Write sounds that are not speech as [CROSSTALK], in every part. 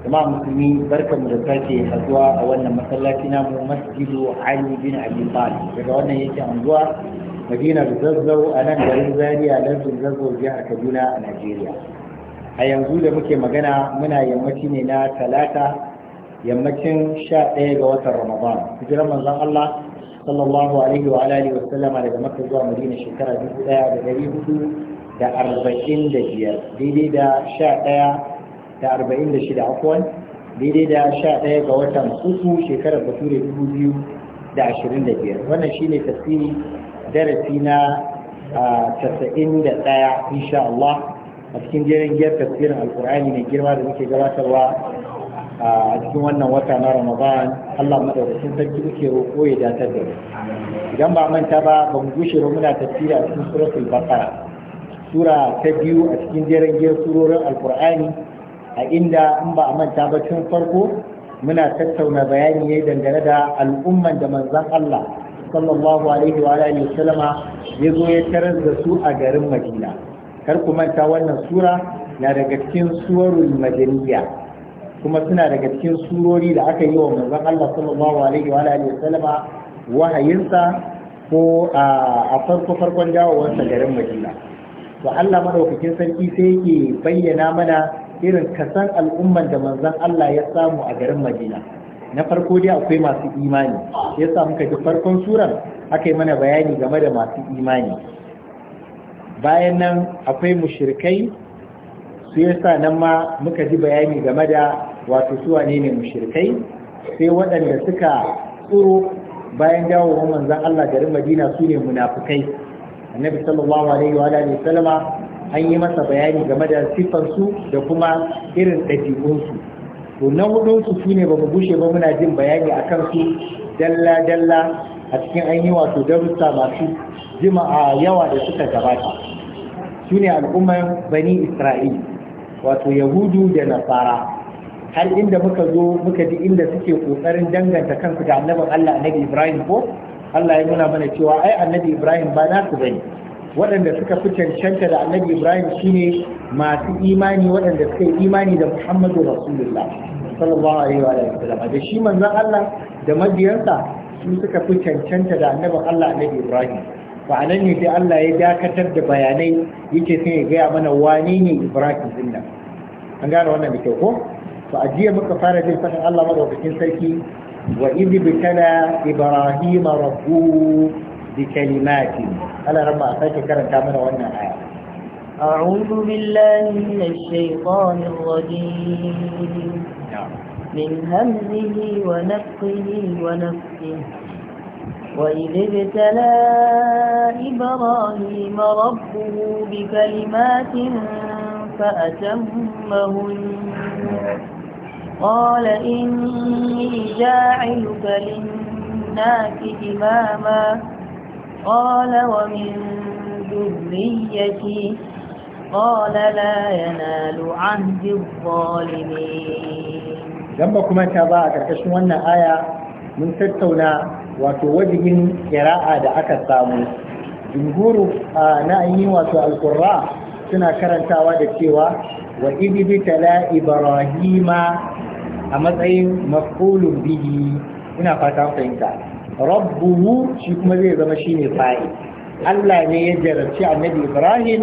Jama'a musulmi barkamu da sake haduwa a wannan masallaci namu masjidu ali bin abi talib daga wannan yake anguwa madinar zazzau a nan garin zaria lardin zazzau jihar kaduna a najeriya a yanzu da muke magana muna yammaci ne na talata yammacin sha ɗaya ga watan ramadan hijirar manzon allah sallallahu alaihi wa alihi wa sallama daga makka zuwa madina shekara dubu ɗaya da ɗari hudu da arba'in da biyar daidai da sha ɗaya da arba'in da shida afuwan daidai da sha ɗaya ga watan uku shekarar bature dubu biyu da ashirin da biyar wannan shine tafsiri darasi na casa'in da ɗaya insha Allah a cikin jerin giyar tafsirin alkur'ani mai girma da muke gabatarwa a cikin wannan wata na ramadan Allah madaukakin sarki muke roƙo ya datar da idan ba manta ba ba mu gushe muna tafsiri a cikin suratul baqara sura ta biyu a cikin jerin giyar surorin alkur'ani a inda in ba a manta ba tun farko muna tattauna bayani ne dangane da al'umman da manzan Allah sallallahu alaihi wa alihi wasallama ya zo ya tarar da su a garin Madina kar ku manta wannan sura na daga cikin surorin madaniya kuma suna daga cikin surori da aka yi wa manzan Allah sallallahu alaihi wa alihi wasallama wahayinsa ko a farko farkon dawowarsa garin Madina to Allah madaukakin sarki sai yake bayyana mana irin kasan al'umman da manzan Allah ya samu a garin Madina na farko dai akwai masu imani ya sa muka ji farkon surar aka yi mana bayani game da masu imani bayan nan akwai mushirkai su ya sa nan ma muka ji bayani game da wato suwa ne ne mushirkai sai waɗanda suka tsoro bayan dawowar manzan Allah garin Madina su ne munafukai annabi sallallahu alaihi wa alihi sallama an yi masa bayani game da siffarsu da kuma irin ɗabi'unsu to na hudu su ne ba mu bushe ba muna jin bayani a kansu dalla-dalla a cikin an yi wato darussa masu jima'a yawa da suka gabata su ne al'ummar bani isra'il wato yahudu da nasara har inda muka zo muka ji inda suke ƙoƙarin danganta kansu ga annabin allah annabi ibrahim ko allah ya nuna mana cewa ai annabi ibrahim ba su bane waɗanda suka fi cancanta da annabi ibrahim shine masu imani waɗanda suka yi imani da muhammadu rasulullah sallallahu alaihi wa sallam da shi manzon allah da mabiyansa su suka fi cancanta da annabi allah annabi ibrahim ba a nan ne sai allah ya dakatar da bayanai yake sai ya gaya mana wane ne ibrahim din nan an gane wannan da kyau ko to a jiya muka fara jin fatan allah madaukakin sarki wa idh bitala Ibrahim rabbuhu بكلمات ألا رمى أعطيك كرم كامل وانا آية أعوذ بالله من الشيطان الرجيم نعم. من همزه ونفقه ونفقه وإذ ابتلى إبراهيم ربه بكلمات فأتمهن قال إني جاعلك للناس إماما قال ومن ذريتي قال لا ينال عهد الظالمين dan ba kuma ta ba a ƙarƙashin wannan aya mun tattauna wato wajigin ƙira'a da aka samu jumhuru a ainihin wato alƙurra suna karantawa da cewa wa ibibi tala ibrahima a matsayin mafulun bihi ina fata fahimta rabbuhu shi kuma zai zama shine fa'i Allah ne ya jarabci annabi Ibrahim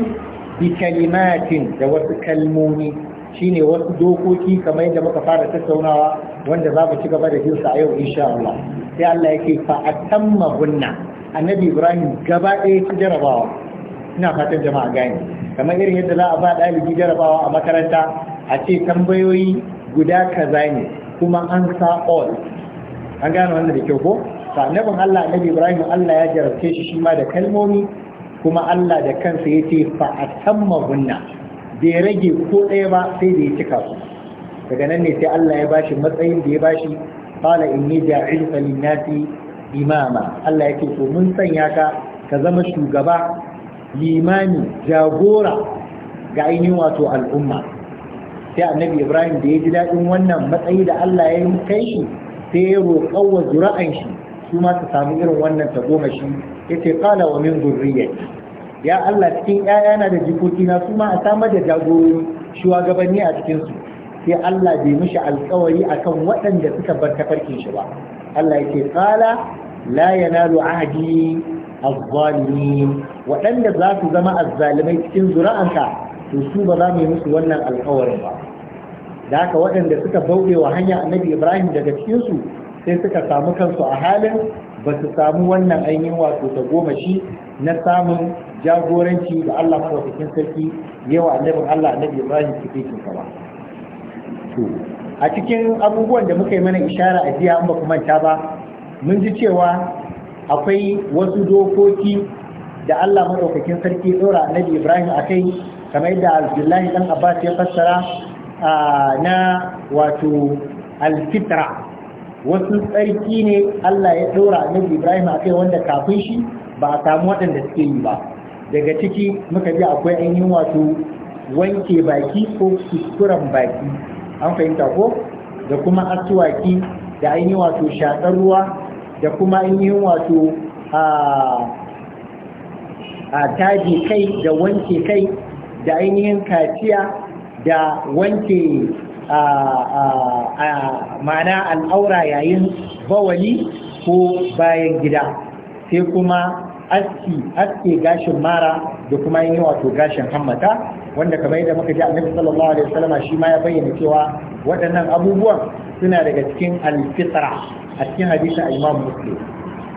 bi kalimatin da wasu kalmomi shine wasu dokoki kamar yadda muka fara tattaunawa wanda za ku ci gaba da jinsa a yau insha Allah sai Allah yake fa atamma hunna annabi Ibrahim gaba ɗaya ta jarabawa ina fatan jama'a gane kamar irin yadda za a ba ɗalibi jarabawa a makaranta a ce tambayoyi guda kaza ne kuma an sa all an gane wannan da kyau ko to annabin Allah annabi Ibrahim Allah ya jarabce shi shi ma da kalmomi kuma Allah da kansa ya ce fa tamma hunna bai rage ko ɗaya ba sai da ya cika su daga nan ne sai Allah ya bashi matsayin da ya bashi qala inni ja'iluka lin-nasi imama Allah yake to mun sanya ka ka zama shugaba limani jagora ga ainihin wato al'umma sai annabi Ibrahim da ya ji daɗin wannan matsayi da Allah ya yi kai shi sai ya roƙa wa zura'an shi su ma su samu irin wannan tagomashi yace qala wa min dhurriyyati ya Allah cikin na da jikokina su ma a samar da jagorori shugabanni a cikin su sai Allah bai mishi alkawari akan waɗanda suka bar tafarkin shi ba Allah yace kala la yanalu ahdi الظالمين waɗanda za su zama azzalimai cikin zuri'anka, to su ba za mu yi musu wannan alkawarin ba da haka waɗanda suka bauɗe wa hanya annabi ibrahim daga cikinsu sai suka samu kansu a halin ba su samu wannan ainihin wato ta goma shi na samun jagoranci da Allah cikin sarki yawa annabin Allah annabi Ibrahim cikin ba. a cikin abubuwan da muka yi mana ishara a jiya an ba manta ba mun ji cewa akwai wasu dokoki da Allah maɗaukakin sarki ɗora annabi Ibrahim a kai kamar yadda Abdullahi ɗan Abbas ya fassara na wato alfitra wasu tsarki ne Allah ya ɗora annabi Ibrahim akai wanda kafin shi ba a samu waɗanda suke yi ba daga ciki muka ji akwai ainihin wato wanke baki ko kuskuren baki an fahimta ko da kuma asuwaki da ainihin wato shaƙar ruwa da kuma ainihin wato a taji kai da wanke kai da ainihin kaciya da wanke ma'ana al'aura yayin bawali ko bayan gida sai kuma aski aske gashin mara da kuma yin wato gashin hammata wanda kamar yadda muka ji annabi sallallahu alaihi wasallam shi ma ya bayyana cewa waɗannan abubuwan suna daga cikin alfitra a cikin hadisin a imam Muslim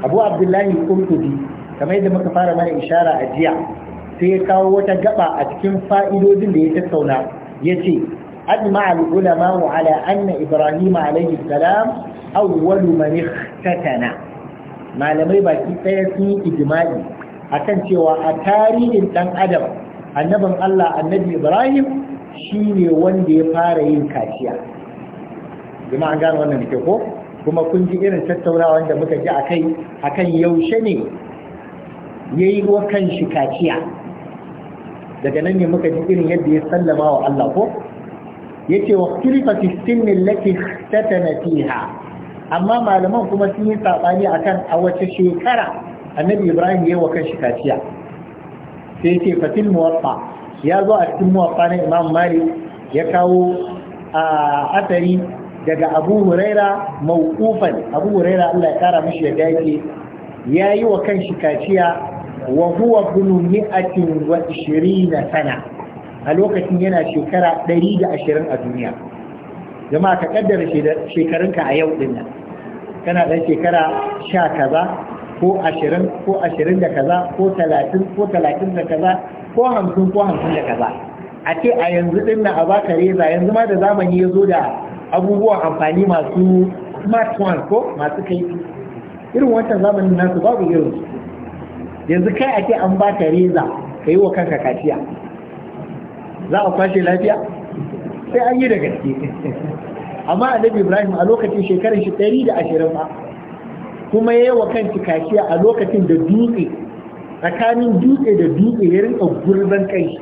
Abu Abdullahi Qurtubi kamar yadda muka fara mana ishara a jiya sai ya kawo wata gaba a cikin fa'idodin da ya tattauna ce. أجمع العلماء على أن إبراهيم عليه السلام أول من اختتن ما لم يبقى سيسي إجمالي أكن سوى أتاريه تن أدب النبي الله النبي إبراهيم شيني وندي فارين كاشيا جماعة قالوا أنا نتوقف kuma kun ji irin tattaunawa da muka ji a kai a kan yaushe ne ya yi wa kan shi kaciya daga nan ne muka ji irin yadda ya sallama wa Allah ko yace wa khilifa ne sinni allati ihtatana fiha amma malaman kuma sun yi sabani akan a wace shekara annabi ibrahim ya wa shi kaciya sai yace fatil muwaffa ya zo a cikin muwaffa na imam malik ya kawo a asari daga abu huraira mawqufan abu huraira Allah ya kara mishi dace. Ya yi wa kanshi kaciya wa huwa bunu mi'atin wa 20 sana a lokacin yana shekara ɗari da ashirin a duniya jama'a ka kaddara shekarunka a yau ɗin nan kana ɗan shekara sha kaza ko ashirin ko ashirin da kaza ko talatin ko talatin da kaza ko hamsin ko hamsin da kaza a ce a yanzu ɗin nan a baka reza yanzu ma da zamani ya zo da abubuwan amfani masu smartphones ko masu kai irin wancan zamanin nasu babu irin yanzu kai a ce an baka reza ka yi wa kanka kaciya za a kwashe lafiya sai an yi da gaske amma annabi ibrahim a lokacin shekarun shi ɗari da ashirin ba kuma ya yi wa kan a lokacin da dutse tsakanin dutse da dutse ya rinka gurban kai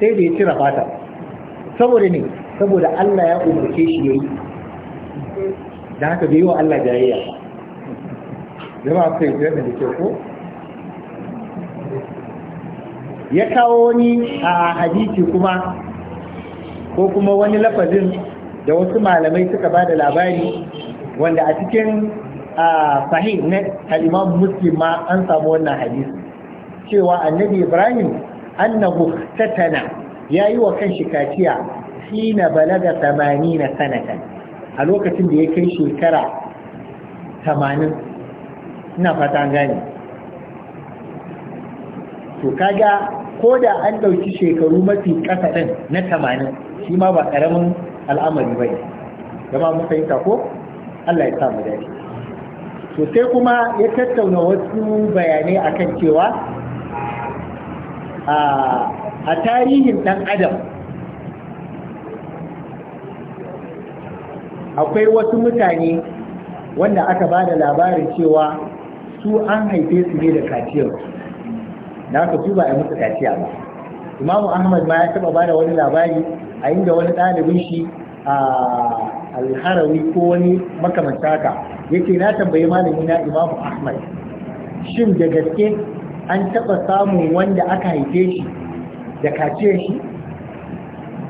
sai da ya cire fata saboda ne saboda Allah ya umarce shi yayi da haka bai yi wa Allah jayayya jama'a sai da ke ko ya kawo wani a hadisi kuma ko kuma wani lafazin da wasu malamai suka ba da labari wanda a cikin sahih na al'imam muslim ma an samu wannan hadisi cewa annabi ibrahim annahu tatana ya yi wa kanshi kaciya na balaga 80 sanatan a lokacin da ya kai shekara 80 ina fata gane to kaga ko da an ɗauki shekaru mafi ƙasa ɗin na tamanin shi ma ba ƙaramin al'amari ba ne zama fahimta ko Allah ya samu dace to sai kuma ya tattauna wasu bayanai akan cewa a tarihin ɗan adam akwai wasu mutane wanda aka ba da labarin cewa su an haife su ne da kaciyarsu na ka su ba a musu kaciya ba imamu ahmad ma ya taba ba da wani labari a inda wani ɗalibin shi a alharawi ko wani makamanta ka yake na tambayi malami na imamu ahmad shin da gaske an taba samun wanda aka haife shi da kaciyar shi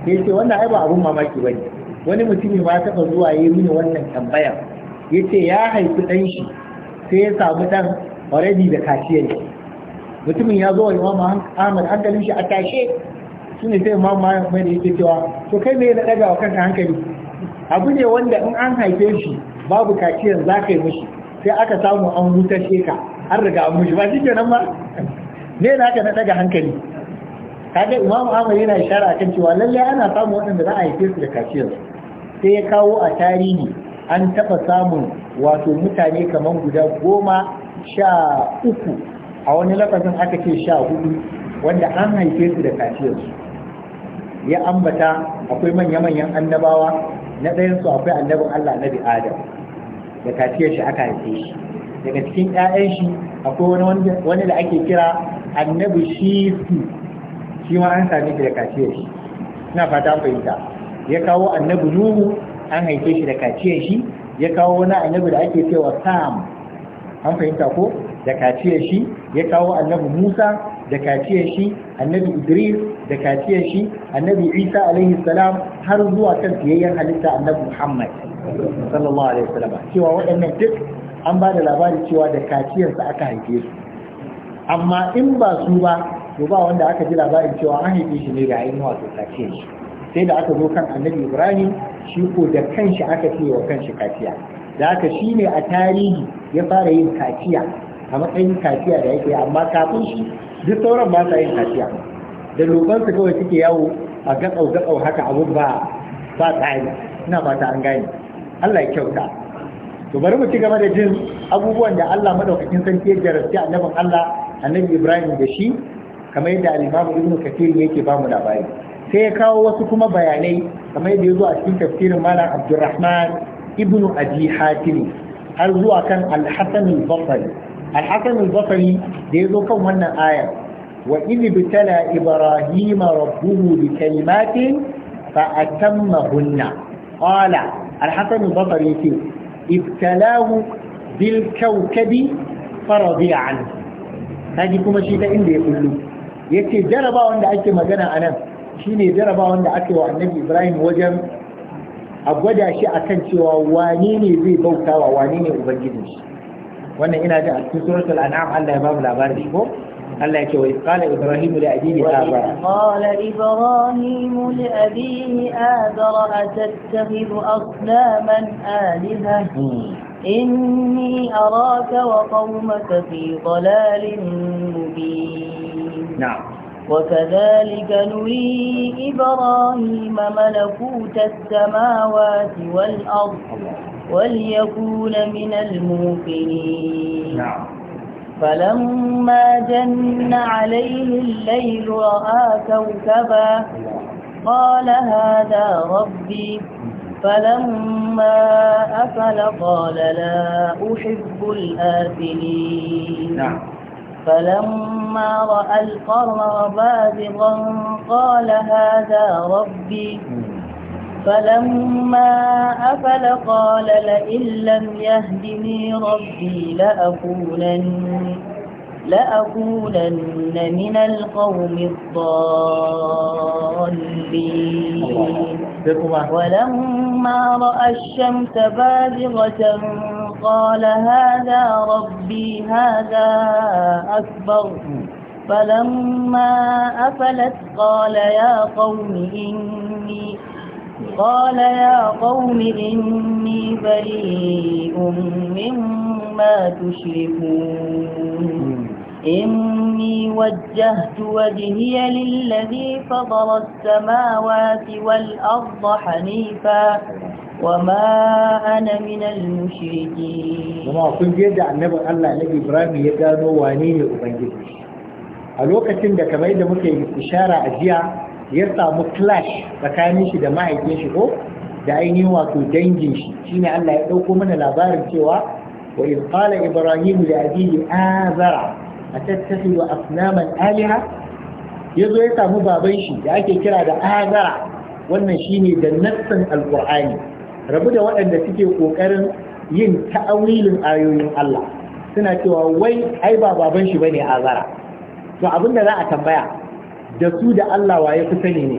ya ce wannan ai ba abun mamaki ba ne wani mutumi ma taba zuwa ya yi mini wannan tambayar. ya ce ya haifi ɗan shi sai ya samu ɗan already da kaciyar shi mutumin ya zo wa imam ahmad hankalin shi a tashe shi ne sai imam ahmad mai yake cewa to kai me na daga wa kanka hankali abu ne wanda in an haife shi babu kaciyar za ka yi mishi sai aka samu an wuta sheka an riga an mushi ba shi kenan ba ne na ka na daga hankali kaga imamu ahmad yana ishara akan cewa lalle ana samun waɗanda za a haife su da kaciyar sai ya kawo a tarihi an taɓa samun wato mutane kamar guda goma sha uku a wani lafazin aka ce sha hudu wanda an haife su da kaciyarsu ya ambata akwai manya-manyan annabawa na ɗayansu akwai annabin Allah na adam da kaciyar shi aka haife shi daga cikin 'ya'yan shi akwai wani da ake kira annabi shi shi ma an same shi da kaciyar shi ina fata fahimta ya kawo annabi nuhu an haife shi da kaciyar shi ya kawo wani annabi da ake cewa sam an fahimta ko da kaciyar shi ya kawo annabi Musa da kaciyar shi annabi Idris da kaciyar shi annabi Isa alaihi salam har zuwa kan fiyayyen halitta annabi Muhammad sallallahu alaihi wasallam cewa waɗannan duk an ba da labari cewa da kaciyarsa aka haife su amma in ba su ba to ba wanda aka ji labarin cewa an haife shi ne da ainihin wato kaciyar shi sai da aka zo kan annabi Ibrahim shi ko da kanshi aka ce wa kanshi kaciya da haka shi ne a tarihi ya fara yin kaciya a matsayin kaciya da yake amma kafin shi duk sauran ba sa yin kafiya da su kawai suke yawo a gatsau gatsau haka abun ba ba yi ina ta an gane Allah ya kyauta to bari mu ci gaba da jin abubuwan da Allah madaukakin sarki ya jarabci annabin Allah annabi Ibrahim da shi kamar yadda al-Imam Ibn Kathir yake ba mu labari sai ya kawo wasu kuma bayanai kamar yadda ya zo a cikin tafsirin Malam Abdulrahman Ibn Abi Hatim har zuwa kan Al-Hasan Al-Basri al-hasan al-basri da yazo kan wannan ayar wa idh bitala ibrahima rabbuhu bi kalimatin fa atammahunna qala al-hasan al-basri ce ibtalahu bil kawkabi faradiya anhu kaji kuma shi ta inda ya kullu yace jarabawan da ake magana anan shine jarabawan da ake wa annabi ibrahim wajen a gwada shi kan cewa wane ne zai bautawa wane ne ubangijin wannan ina ji a cikin suratul an'am Allah ya ba mu labari ko الله يكي وإذ قال إبراهيم لأبيه آذر وإذ قال إبراهيم لأبيه آذر أتتخذ أصناما آلهة إني أراك وقومك في ضلال مبين نعم وكذلك نري إبراهيم ملكوت السماوات والأرض وليكون من الموقنين نعم فلما جن عليه الليل رأى كوكبا قال هذا ربي فلما أفل قال لا أحب الآفلين نعم فلما رأى القرى بازغا قال هذا ربي فلما أفل قال لئن لم يهدني ربي لأكونن لأكونن من القوم الضالين ولما رأى الشمس بازغة قال هذا ربي هذا أكبر فلما أفلت قال يا قوم إني قال يا قوم إني بريء مما تشركون إني وجهت وجهي للذي فضل السماوات والأرض حنيفا وما أنا من المشركين وما كنت عن النبي الله النبي إبراهيم يقال مواني أبنجي a lokacin da kamar yadda muke ishara a jiya ya samu clash tsakanin shi da mahaifinshi shi ko da ainihin wato dangin shi shine Allah ya dauko mana labarin cewa wa in qala ibrahim li abihi azara atattakhidu asnaman alaha yazo ya samu baban shi da ake kira da azara wannan shine da nassan alqur'ani rabu da waɗanda suke kokarin yin ta'awilin ayoyin Allah suna cewa wai ai ba baban shi bane azara to abinda za a tambaya da su da Allah wa ya sani ne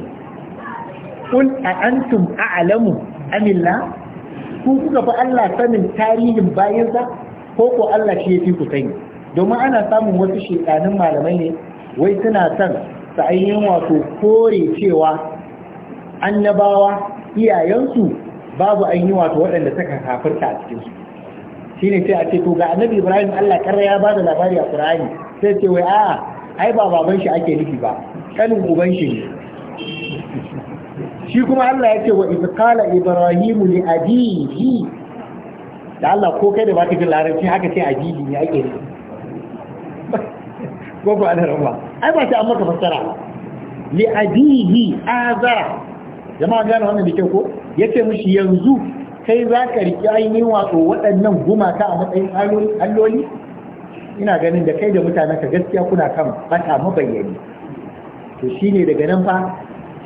Kun a antum a'lamu amilla Kun kuka fi Allah sanin tarihin bayansa ko ko Allah shi yafi ku sani domin ana samun wasu shekanin malamai ne wai suna son su ainihin wato kore cewa annabawa iyayensu babu an yi wato waɗanda suka kafirta a cikinsu shi ne sai a ce to ga annabi ibrahim allah karra ya bada labari a qur'ani sai ce wai a'a ai ba baban shi ake nufi ba kanin uban shi ne shi kuma Allah ya ce wa izqala ibrahimu li abihi da Allah ko kai da baka jin larabci haka ce abihi ne ake ko ko ana rawa ai ba ta amma ka fassara li abihi azara jama'a gane wannan da kyau ko ce mishi yanzu kai za ka riƙi ainihin wato waɗannan gumaka a matsayin alloli ina ganin da kai da mutanen ka gaskiya kuna kan fata mabayyani to ne daga nan fa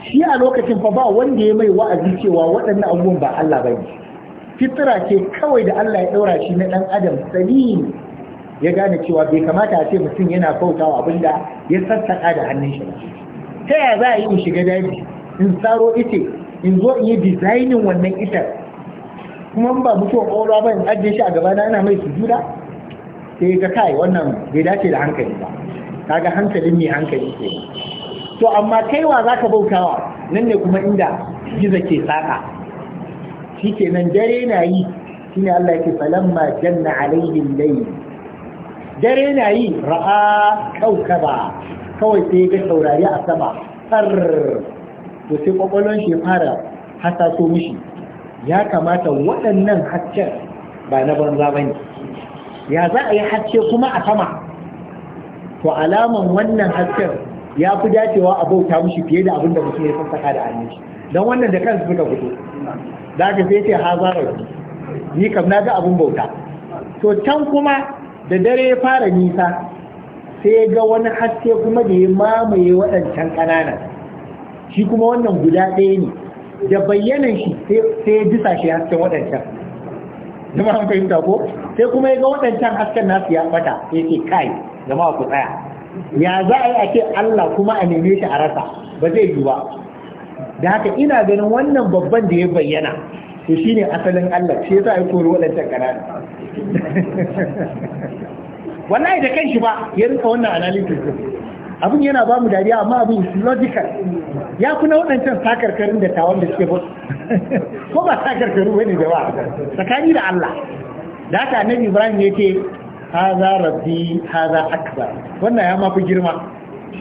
shi a lokacin fa ba wanda ya mai wa'azi cewa waɗannan abubuwan ba Allah ne fitra ce kawai da Allah ya ɗaura shi na ɗan adam salim ya gane cewa bai kamata a ce mutum yana kautawa abinda ya sassaka da hannun shi ta yaya za a yi in shiga daji in tsaro ita in zo in yi dizainin wannan itar kuma ba mutum ƙwaƙwalwa ba in ajiye shi a gaba na ana mai sujuda sai ga kai wannan bai dace da hankali ba kaga hankalin mai hankali ke to amma kai wa za ka bautawa nan ne kuma inda giza ke saƙa shi ke nan dare na yi shi ne Allah ke falamma janna alaihin lai dare na yi ra'a kaukaba kawai sai ga taurari a sama tsar to sai kwakwalon shi fara hasaso mishi ya kamata waɗannan haccen ba na banza ba ne ya za a yi hacce kuma a sama to alaman wannan hasken ya fi dacewa a bauta mushi fiye da abin da mutum ya sassaka da hannun shi don wannan da kansu suka fito za ka sai ce ha za ni kam na ga abin bauta to can kuma da dare ya fara nisa sai ga wani haske kuma da ya mamaye waɗancan ƙanana shi kuma wannan guda ɗaya ne da bayyanan shi sai ya disa shi hasken waɗancan zama an fahimta ko sai kuma ya ga waɗancan hasken nasu ya ɓata sai ce kai zama ku tsaya ya za a yi a ce Allah kuma a neme shi a rasa ba zai yi ba da haka ina ganin wannan babban da ya bayyana to shine asalin Allah shi a yi kori waɗancan ƙanana ya [LAUGHS] da kanshi ba ya rika wannan analysis abin yana ba mu dariya amma abin is logical ya kuna waɗancan sakarkarin da tawon da suke ba [LAUGHS] ko ba sakarkaru wani da ba tsakani da Allah da haka annabi Ibrahim ya ce haza rabbi haza akbar wannan ya mafi girma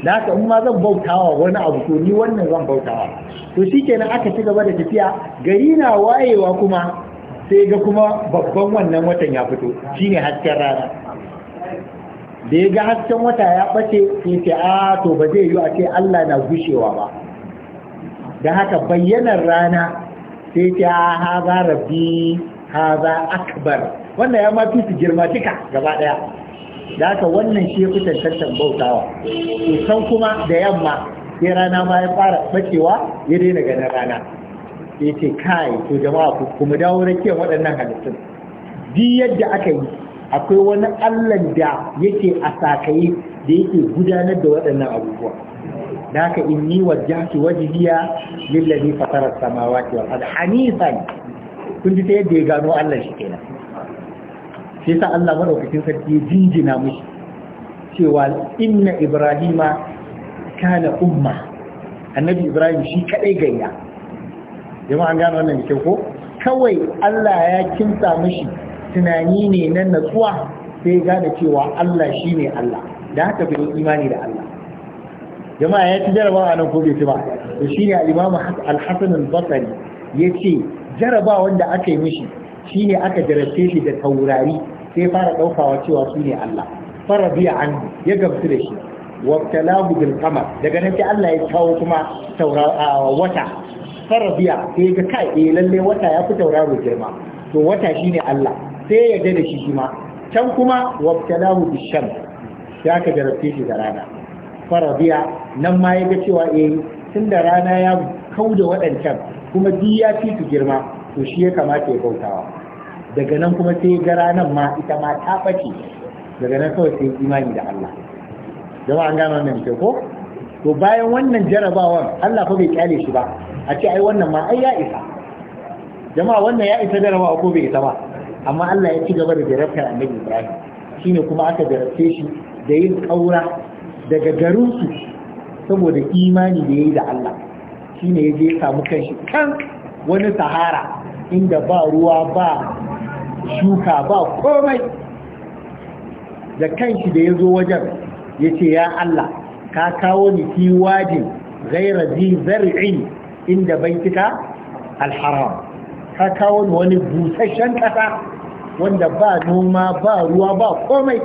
da haka in ma zan bautawa wani abu to ni wannan zan bautawa to shikenan aka ci gaba da tafiya gari na wayewa kuma sai ga kuma babban wannan watan ya fito shine hasken rana da ya ga hasken wata ya bace sai ce a to ba zai yi a ce Allah na gushewa ba da haka bayyanar rana sai ce a haza rabbi haza akbar wannan ya mafi su girma duka gaba daya da haka wannan shi ya fi tantantan bautawa san kuma da yamma sai rana ma ya fara bacewa ya daina ganin rana ya ce kai to jama'a ku kuma dawo rakiyar waɗannan halittun duk yadda aka yi akwai wani allan da yake a sakaye da yake gudanar da waɗannan abubuwa da haka inni wajjahtu wajhiya lillahi fatarar samawati wal ard hanifan kun ji ta yadda ya gano allan shi kenan Sai sa Allah madaukakin sarki ya jinjina mushi cewa inna ibrahima kana umma annabi ibrahim shi kadai gayya jama'a an gano wannan da ko kawai Allah ya kinsa mushi tunani ne na natsuwa sai gane cewa Allah shi ne Allah da haka fi imani da Allah jama'a ya ci jarabawa nan ko bai ci ba to shine al-Imam Al-Hasan Al-Basri yace jarabawan da aka yi mishi shine aka jarabce shi da taurari sai fara ɗaukawa cewa su ne Allah fara biya an ya gamsu da shi wakala bil qamar daga nan sai Allah ya kawo kuma taurawa wata fara biya sai ga kai eh lalle wata ya fi tauraro girma to wata shine Allah sai ya da shi shi ma can kuma wakala bil shams ya ka jarabce shi da rana fara biya nan ma ya ga cewa eh tunda rana ya kauda waɗancan kuma duk ya fi su girma to shi ya kamata ya bautawa daga nan kuma sai ga ranar ma ita ma ta ɓace daga nan kawai sai imani da Allah jama an gano wannan ke ko to bayan wannan jarabawan Allah fa bai kyale shi ba a ce ai wannan ma ai ya isa jama'a wannan ya isa jarabawa ko bai isa ba amma Allah ya ci gaba da jarabtar annabi Ibrahim shine kuma aka jarabce shi da yin kaura daga garinsu saboda imani da yayi da Allah shine ya je samu kanshi kan wani sahara inda ba ruwa ba shuka ba komai da kanki da ya zo wajen ya ce ya Allah ka kawo ni fi wajin gaira zi zar'in inda baitika alharam ka kawo ni wani busashen ƙasa wanda ba noma ba ruwa ba komai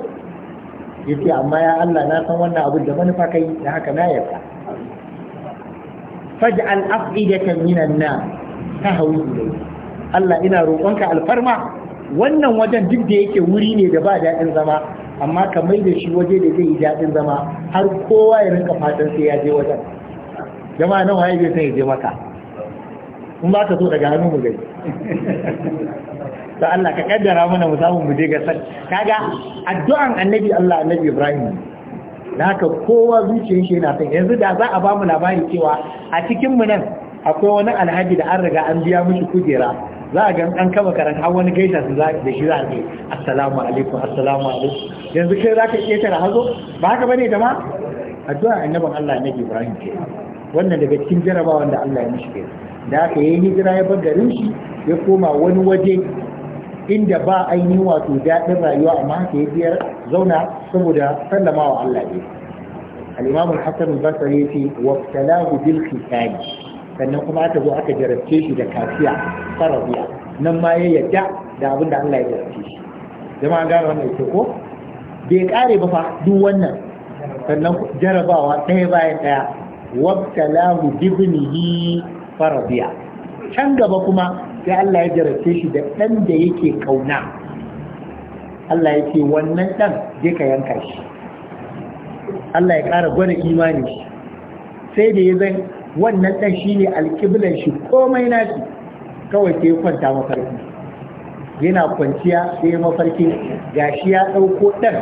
ya ce amma ya Allah na san wannan abu da manufa kai da haka na yarda faj'al af'idatan minan nas tahwi ilayhi Allah ina roƙonka alfarma wannan wajen duk da yake wuri ne da ba daɗin zama amma ka mai da shi waje da zai yi daɗin zama har kowa ya rinka fatan sai ya je wajen jama'a nan waye bai san ya je maka in ba ka so daga hannu mu gani da Allah ka kaddara mana mu samu mu je ga sai kaga addu'an annabi Allah annabi Ibrahim da haka kowa zuciyar shi yana son yanzu da za a ba mu labari cewa a cikin mu nan akwai wani alhaji da an riga an biya mishi kujera za a gan an kama karanta har wani gaisa su da shi za a ce assalamu alaikum assalamu alaikum yanzu kai za ka ƙetare hazo ba haka bane da ma addu'a annabin Allah na Ibrahim ke wannan daga cikin jarabawan da Allah ya mishi ke da aka yi hijira ya bar garin shi ya koma wani waje inda ba ainihin wato daɗin rayuwa amma haka ya biyar zauna saboda sallama wa Allah ne al-Imam al-Hasan al-Basri yace wa talahu bil sannan kuma aka zo aka jarabce shi da kafiya farabiya nan ma ya yadda da abin da Allah ya jarabce shi jama'a gane wannan ke ko bai kare ba fa duk wannan sannan jarabawa ɗaya bayan ɗaya wabtalahu bibnihi farabiya can gaba kuma sai Allah ya jarabce shi da ɗan da yake kauna Allah ya ce wannan ɗan je ka yanka shi Allah ya ƙara gwada imani sai da ya zai wannan ɗan shi ne alƙiblan shi komai nashi kawai sai kwanta mafarki yana kwanciya sai mafarki gashi ya ɗauko ɗan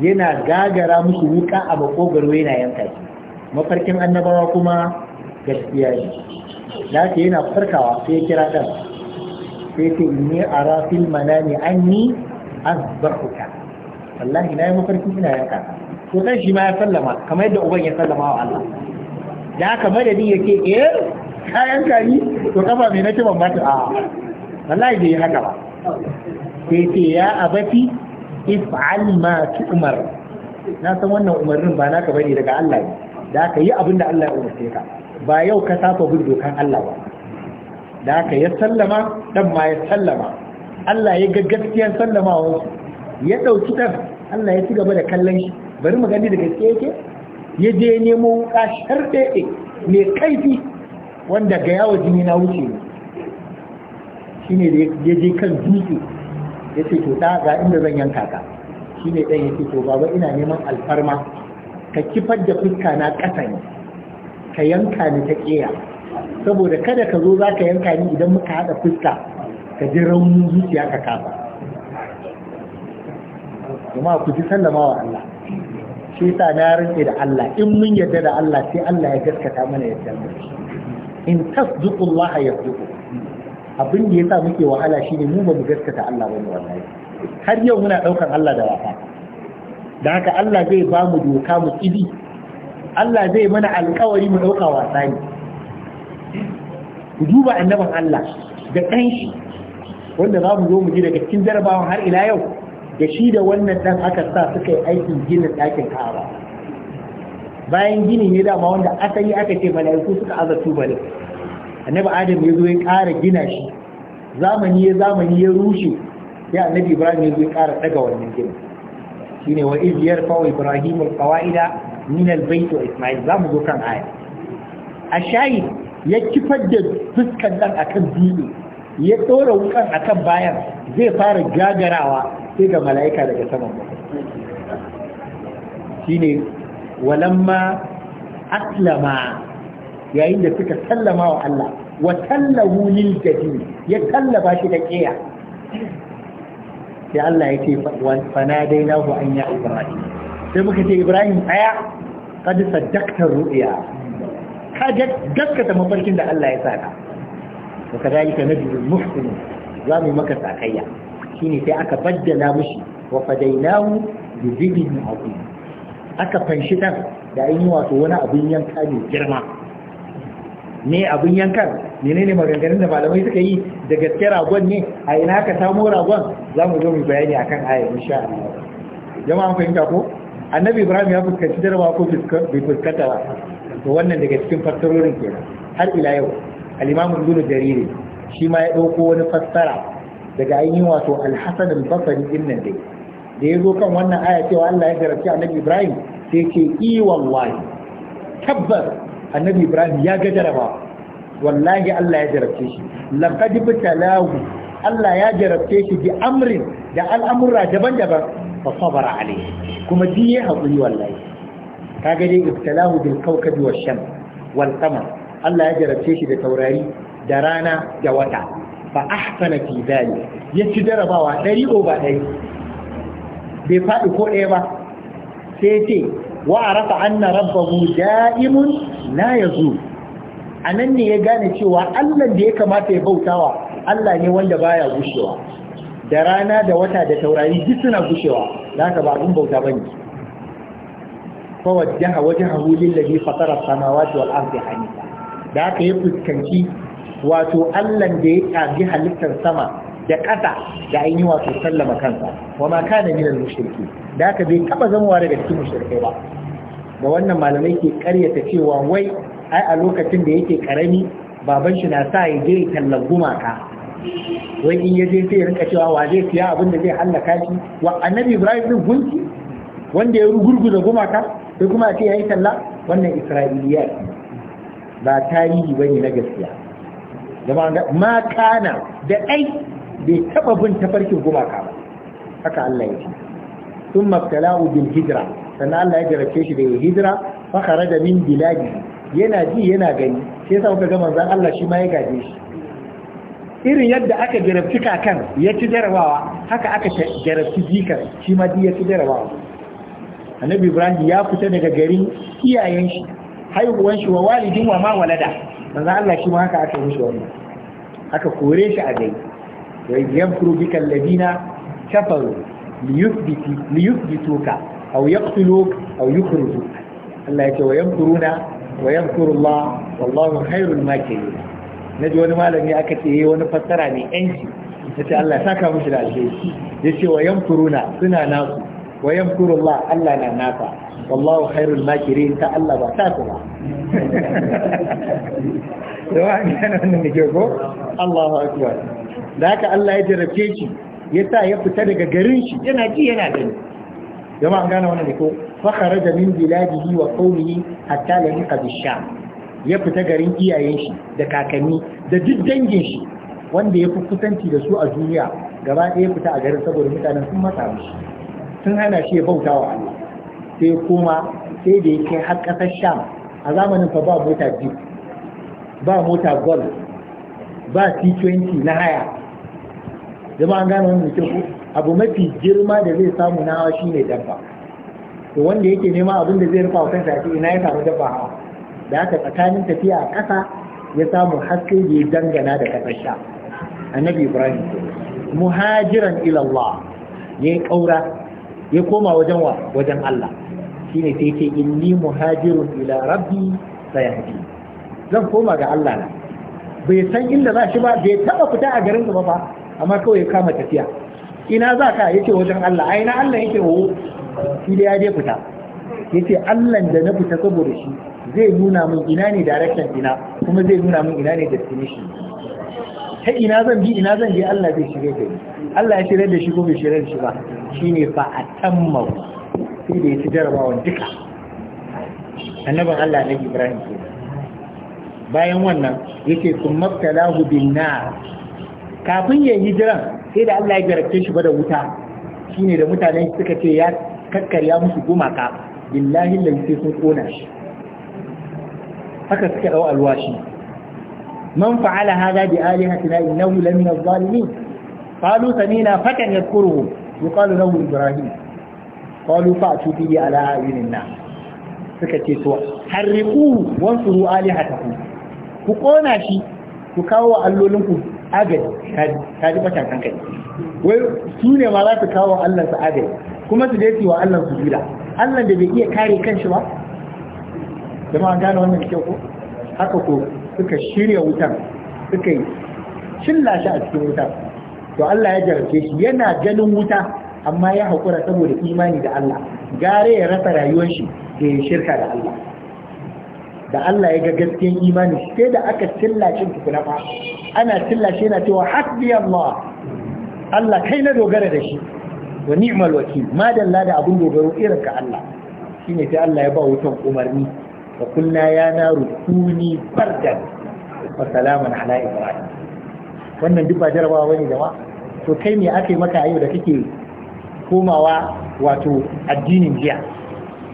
yana gagara musu wuka a makogaro yana yanka shi mafarkin annabawa kuma gaskiya ne da ta yana farkawa sai ya kira ɗan sai ta inni a rafil manami an ni an barkuta wallahi na yi mafarkin ina yanka ko ɗan shi ma ya sallama kamar yadda uban ya sallama wa Allah da haka madadi ya ke, eh kayan kari to kafa mai na ban mata a wallahi bai yi haka ba sai ce ya abati if'al ma tu'mar na san wannan umarnin ba naka bane daga Allah ne da aka yi abin da Allah ya umarce ka ba yau ka saba bin dokan Allah ba da aka ya sallama dan ma ya sallama Allah ya ga gaskiyar sallamawa ya dauki dan Allah ya ci gaba da kallon shi bari mu gani da gaske yake ya je nemo wuka sharɗe mai kaifi wanda ga yawa jini na wuce ne shi ne da ya je kan dutse ya ce to ɗa ga inda zan yanka ka shi ne ɗan ya ce to baba ina neman alfarma ka kifar da fuska na ƙasa ne ka yanka ni ta ƙeya saboda kada ka zo za ka yanka ni idan muka haɗa fuska ka ji raunin zuciya ka kafa kuma ku ji sallama wa Allah shi sa na rantse da Allah in mun yarda da Allah sai Allah ya gaskata mana yadda mu in tasdiqullah yasdiqu abin da yasa muke wahala shine mu ba mu gaskata Allah bane wallahi har yau muna daukan Allah da wasa da haka Allah zai ba mu doka mu tsidi Allah zai mana alƙawari mu dauka wasa ne ku duba annabin Allah da ɗan wanda za mu zo mu ji daga cikin jarabawan har ila yau da shi da wannan ɗan aka sa suka yi aikin ginin ɗakin kawa. bayan gini ne dama wanda asali aka ce mala'iku suka aza tubali annabi adam ya zo ya ƙara gina shi zamani ya zamani ya rushe ya annabi ibrahim ya zo ya ƙara ɗaga wannan ginin ne wa iziyar yarfa ibrahim alqawaida min albayt wa isma'il za mu zo kan aya ashayi ya kifar da fuskan dan akan bibi ya ɗora wukan akan bayan zai fara gagarawa sai ga mala'ika daga saman bakwai shine walamma aslama yayin da suka sallama wa Allah wa tallahu lil jahil ya tallaba shi da kiya sai Allah yake fanadainahu an ya ibrahim sai muka ce ibrahim tsaya kad saddaqta ru'ya ka gaskata mafarkin da Allah ya saka wa kadalika najrul muhsinin zamu maka sakayya shine sai aka baddala mushi wa fadainahu bi dhibhin azim aka fanshi dan da an yi wato wani abin yanka mai girma ne abin yankan menene maganganun da malamai suka yi da gaske ragon ne a ina ka samu ragon za mu zo mu bayani akan aya insha Allah an fahimta ko annabi ibrahim ya fuskanci jarabawa ko bai fuskanta ba to wannan daga cikin fassarorin kenan har ila yau al-imam ibn jarir shi ma ya dauko wani fassara daga ainihin wato alhassan al-basari din nan dai da ya zo kan wannan aya cewa Allah ya jarabci annabi Ibrahim sai ce i wallahi tabbas annabi Ibrahim ya ga jaraba wallahi Allah ya jarabce shi laqad bitalahu Allah ya jarabce shi bi amrin da al'amura daban-daban fa sabara alayhi kuma ji ya haƙuri wallahi kaga dai ibtalahu bil kawkabi wash shams wal qamar Allah ya jarabce shi da taurari da rana da wata fa ahsana fi ya ci jarabawa ɗari ba ɗari bai faɗi ko ɗaya ba sai ce wa arafa anna rabbahu da'imun la yazul anan ne ya gane cewa Allah da ya kamata ya bautawa Allah ne wanda baya gushewa da rana da wata da taurari duk suna gushewa da haka ba abun bauta bane fa wajjaha wajhahu lil ladhi fatara as-samawati wal ardi hanifa da haka ya fuskanci wato Allah da ya kaji halittar sama da ƙasa da ainihi wato sallama kansa wa ma kana minal mushriki da haka bai taba zama daga cikin mushrikai ba da wannan malamai ke karyata cewa wai ai a lokacin da yake karami baban shi na sa ya je tallan gumaka wai in ya je sai ya rika cewa wa zai siya abin da zai hallaka shi wa annabi Ibrahim ɗin gunki wanda ya rugurguza gumaka sai kuma ya ce talla wannan Isra'iliya ba tarihi ne na gaskiya jama'a ma kana da ai bai taba bin tafarkin gumaka ba haka Allah ya ce sun mabtala'u bil hijira sannan Allah ya jarabce shi da ya hijira fa kharaja min biladi yana ji yana gani sai sa kuka gama, manzon Allah shi ma ya gaje shi irin yadda aka jarabci kakan ya ci jarabawa haka aka jarabci jikar shi ma ya ci jarabawa annabi ibrahim ya fita daga garin iyayen shi haihuwan shi wa walidin wa ma walada manzon Allah shi ma haka aka yi mishi wannan aka kore shi a gai yamkuru bika alladina kafaru liyuthbitu liyuthbituka aw yaqtuluk aw yukhrijuk Allah ya ce wa yan yamkuruna wa yamkuru Allah wallahu khairul Na ji wani malami aka ce eh, wani fassara ne yanci ce Allah ya saka mushi da alheri ce wa yan yamkuruna suna nasu wa yamkuru Allah Allah na nasa wallahu khairul makirin ta Allah ba ta kuma da wa an gane wannan da ke ko Allahu akbar da haka Allah ya jarabce shi sa ya fita daga garin shi yana ji yana gani jama'a an gane wannan ne ko fa kharaja min biladihi wa qawmihi hatta lahiqa bisham ya fita garin iyayen shi da kakanni da duk dangin shi wanda ya fi kusanci da su a duniya gaba ɗaya fita a garin saboda mutanen sun masa shi sun hana shi ya bauta wa Allah sai kuma sai da ya kai har ƙasar sham a zamanin fa ba mota jeep ba mota golf ba c20 na haya zama an gane wani mutum abu mafi girma da zai samu na hawa shine dabba to wanda yake nema abin da zai rufa wa kansa ina ya samu dabba hawa da haka tsakanin tafiya a ƙasa ya samu haske da ya dangana da ƙasar sha annabi ibrahim muhajiran ilallah ya yi ƙaura ya koma wajen wa wajen allah shine sai ce inni muhajirun ila rabbi sayahdi zan koma ga Allah na bai san inda za shi ba bai taba fita a garin ba fa, amma kawai ya kama tafiya ina za ka yace wajen Allah ai na Allah yake wo shi da ya je fita yace Allah da na fita saboda shi zai nuna min ina ne direction ina kuma zai nuna min ina ne destination ta ina zan bi ina zan je Allah zai shirye ka Allah ya shirye da shi ko bai shirye da shi ba shine fa atamma sai da ya ci jarabawan duka annabin Allah na Ibrahim ke bayan wannan yake sun mabtalahu bin nar kafin ya yi jiran sai da Allah ya garabce shi ba da wuta shine da mutanen suka ce ya kakkarya musu gumaka billahi lai sai sun kona shi haka suka dau alwashi man fa'ala hadha bi alihatina innahu lamina adh-dhalimin qalu samina fatan yadhkuruhu yuqalu lahu ibrahim qalu fa'tu bihi ala na suka ce to harriqu wansuru alihatakum ku kona shi ku kawo allolinku agaji ka ji batan kanka wai su ne ma za su kawo Allah su agaji kuma su je wa Allah su jira Allah da bai iya kare kan shi ba jama'a gane wannan kyau ko haka ko suka shirya wutan suka yi shilla shi a cikin wuta to Allah ya jarabce shi yana ganin wuta amma ya haƙura saboda imani da Allah gare ya rasa rayuwar shi da ya shirka da Allah da Allah ya ga gaskiyar imani sai da aka tillace tukuna fa ana tillace yana cewa hasbi Allah Allah kai na dogara da shi wa ni'mal wakil madalla da abun dogaro irin ka Allah shine sai Allah ya ba wutan umarni wa kunna ya naru kuni bardan wa salaman ala ibrahim wannan duk ba jarabawa bane jama'a to kai ne aka yi maka ayo da kake komawa wato addinin jiya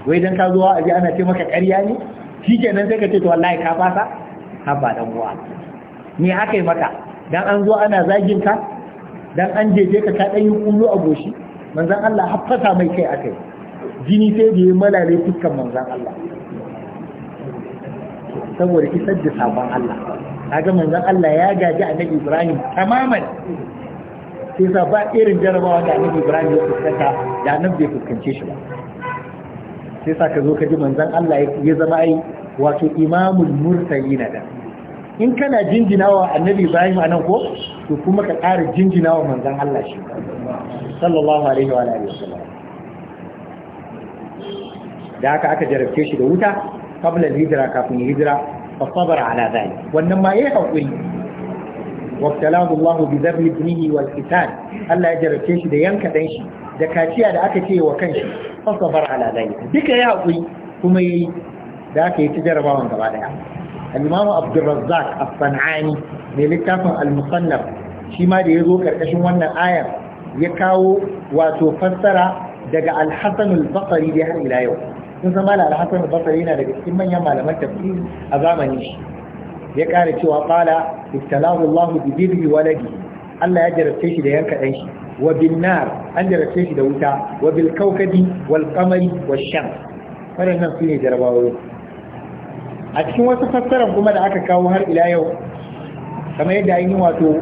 wai don ka zuwa aji ana ce maka ƙarya ne nan sai ka ce to wallahi ka fasa haba dan uwa me aka yi maka dan an zo ana zagin ka dan an jeje ka ka dan yi a goshi manzan Allah haffasa mai kai akai jini sai da ya malalai fuskan manzan Allah saboda isar da sabon Allah kaga manzan Allah ya gaji a annabi Ibrahim tamaman sai sa ba irin jarabawa da annabi ibrahim ya fuskanta da annabi bai fuskance shi ba sai sa ka zo ka ji manzon Allah ya zama ai wato imamul na da in kana jinjinawa annabi ibrahim anan ko to kuma ka ƙara jinjinawa manzon Allah shi sallallahu alaihi wa alihi wasallam da haka aka jarabce shi da wuta qabla hijira kafin hijira fa sabara ala dhalik wannan ma yayi hakuri wabtalahu Allah bi zabni ibnihi wal qital Allah ya jarabce shi da yanka ɗanshi da kaciya da aka ce wa kanshi fa sabar ala dalika duka ya hakuri kuma yayi da aka yi ta jarrabawar gaba daya al-Imam Abdul As-Sanani mai littafin al-Musannaf shi ma da zo karkashin wannan ayar ya kawo wato fassara daga Al-Hasan al-Basri da har ila yau sun zama Al-Hasan al-Basri yana daga cikin manyan malaman tafsiri a zamanin shi ya kare cewa qala ibtalahu Allah bi birri waladi Allah ya jarabce shi da yanka dan shi wa bin nar an jarabce shi da wuta wa bil kawkabi wal qamari wash shams waɗannan su ne jarabawoyi a cikin wasu fassarar kuma da aka kawo har ila yau kamar yadda ainihin wato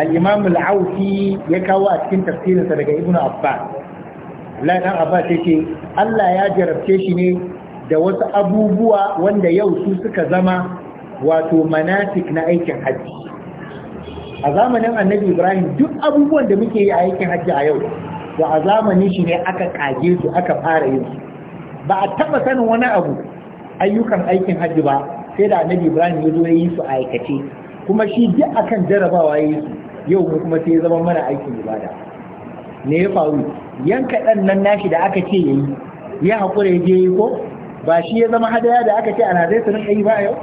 al-imam al-auti ya kawo a cikin tafsirinsa daga ibnu abbas Allah dan abbas yake Allah ya jarabce shi ne da wasu abubuwa wanda yau su suka zama wato manasik na aikin hajji a zamanin annabi ibrahim duk abubuwan da muke yi a aikin hajji a yau to a zamanin shi ne aka kage su aka fara yin su ba a taba sanin wani abu ayyukan aikin hajji ba sai da annabi ibrahim ya zo ya yi su a aikace kuma shi duk akan jarabawa ya yi su yau mu kuma sai ya zama mana aikin ibada ne ya faru yanka ɗan nan nashi da aka ce ya yi ya haƙura ya je yi ko ba shi ya zama hadaya da aka ce ana zai su rinka yi ba yau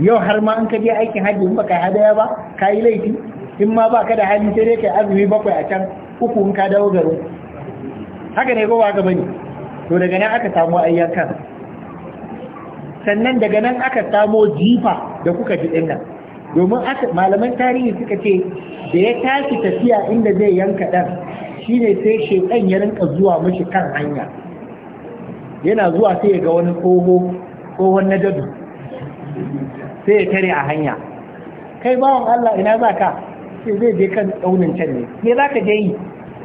yau har ma an ka aikin hajji in baka hadaya ba ka yi laifi in ma baka da hali sai dai kai azumi bakwai a can uku in ka dawo garo haka ne ko ba ka bane to daga nan aka samu ayyukan sannan daga nan aka samo jifa da kuka ji din nan domin malaman tarihi suka ce da ya tashi tafiya inda zai yanka dan shine sai shekan ya rinka zuwa mashi kan hanya yana zuwa sai ya ga wani tsoho tsohon na dadu sai ya tare a hanya kai bawan Allah ina za ka sai zai je kan daunin can ne me za ka je yi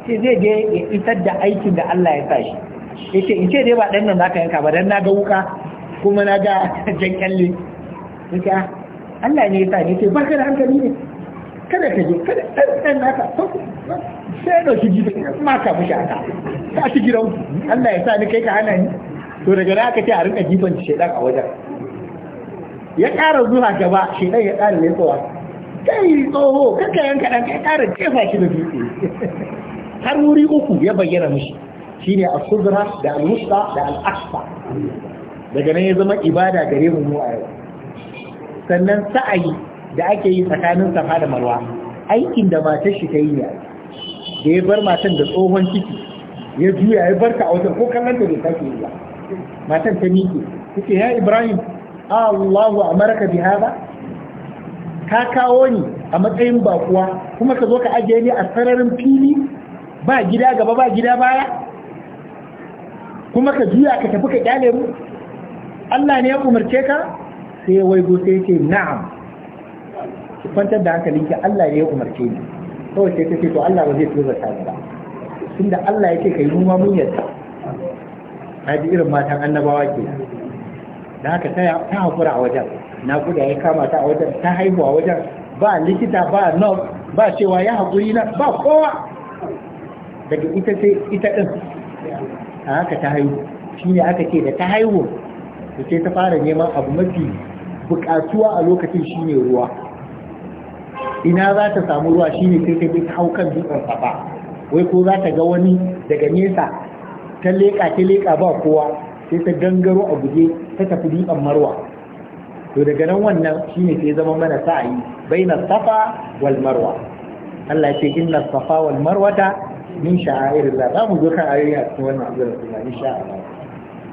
sai zai je ya isar da aikin da Allah ya sa shi ya ce in ce dai ba ɗan nan za ka yanka ba don na ga wuka kuma na ga [LAUGHS] jan kyalle ya, ah, Allah ne ya sa ne ce barka da hankali ne kada ka je kada ɗan dan naka sai da shi gidan ma ka mishi aka ta shi gidan Allah ya sa ni kai ka hana ni to daga na aka ce a rinka jifan shedan a wajen ya ƙara zuwa gaba shi ɗan ya ƙara ne tsawa kai tsoho kaka yanka ɗan ya ƙara jefa shi da dutse [LAUGHS] har wuri uku ya bayyana mishi ne al-khudra da al-musta da al-aqsa daga nan ya zama ibada gare mu a yau sannan sa'ayi da ake yi tsakanin safa da marwa aikin da matar shi ta yi ne da ya bar matan da tsohon ciki ya juya ya barka a wata ko kallon da bai sake yi ba matan ta miƙe take ya ibrahim wa amarka bi hada ka kawo ni a matsayin bakuwa kuma ka zo ka ajiye ni a sararin fili ba gida gaba ba gida baya kuma ka juya ka tafi ka kyale mu Allah ne ya umarce ka sai wai go sai ce na'am ki kwantar da ki Allah ne ya umarce ni kawai sai ta ce to Allah ba zai tura ta ba tunda Allah ya ce kai noma mun yadda a irin matan annabawa kenan da haka ta haƙura a wajen naƙuda ya kama ta a wajen ta haihu a wajen ba likita ba nurse ba cewa ya haƙuri na ba kowa daga ita sai ita ɗin a haka ta haihu shi ne aka ce da ta haihu da ce ta fara neman abu mafi buƙatuwa a lokacin shi ne ruwa ina za ta samu ruwa shi ne sai ta bi ta hau kan dutsen safa wai ko za ta ga wani daga nesa ta leƙa ta leƙa ba kowa sai ta gangaro a guje ta tafi dutsen marwa to daga nan wannan shine sai zama mana sa'ayi baina safa wal marwa Allah ya ce inna safa wal marwata min sha'airillah za mu zo kan ayoyi a cikin wannan abin da insha Allah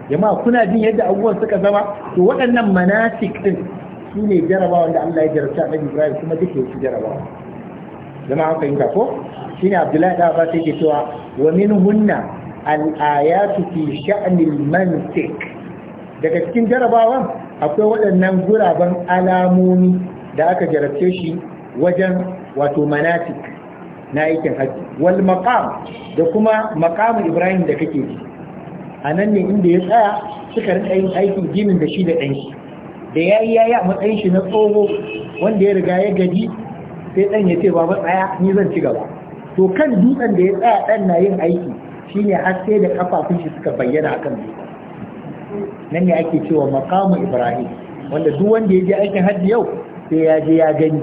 jama'a kuna jin yadda abubuwan suka zama to waɗannan manasik din su ne jarabawa da Allah ya jarabta Annabi Ibrahim kuma duke su jarabawa jama'a an ka ko shine Abdullahi da Abbas yake cewa wa minhunna al'ayatu fi sha'nil mantik daga cikin jarabawan akwai waɗannan guraben alamomi da aka jarabce shi wajen wato manatik na aikin haji wal da kuma maqam ibrahim da kake ji a nan ne inda ya tsaya suka rinka yin aikin ginin da shi da ɗan shi da ya yi a matsayin shi na tsoho wanda ya riga ya gaji sai ɗan ya ce baba tsaya ni zan ci gaba to kan dutsen da ya tsaya ɗan na yin aiki shine har sai da kafafun shi suka bayyana akan dutsen nan ne ake cewa maqamu ibrahim wanda duk wanda ya je aikin hajji yau sai ya je ya gani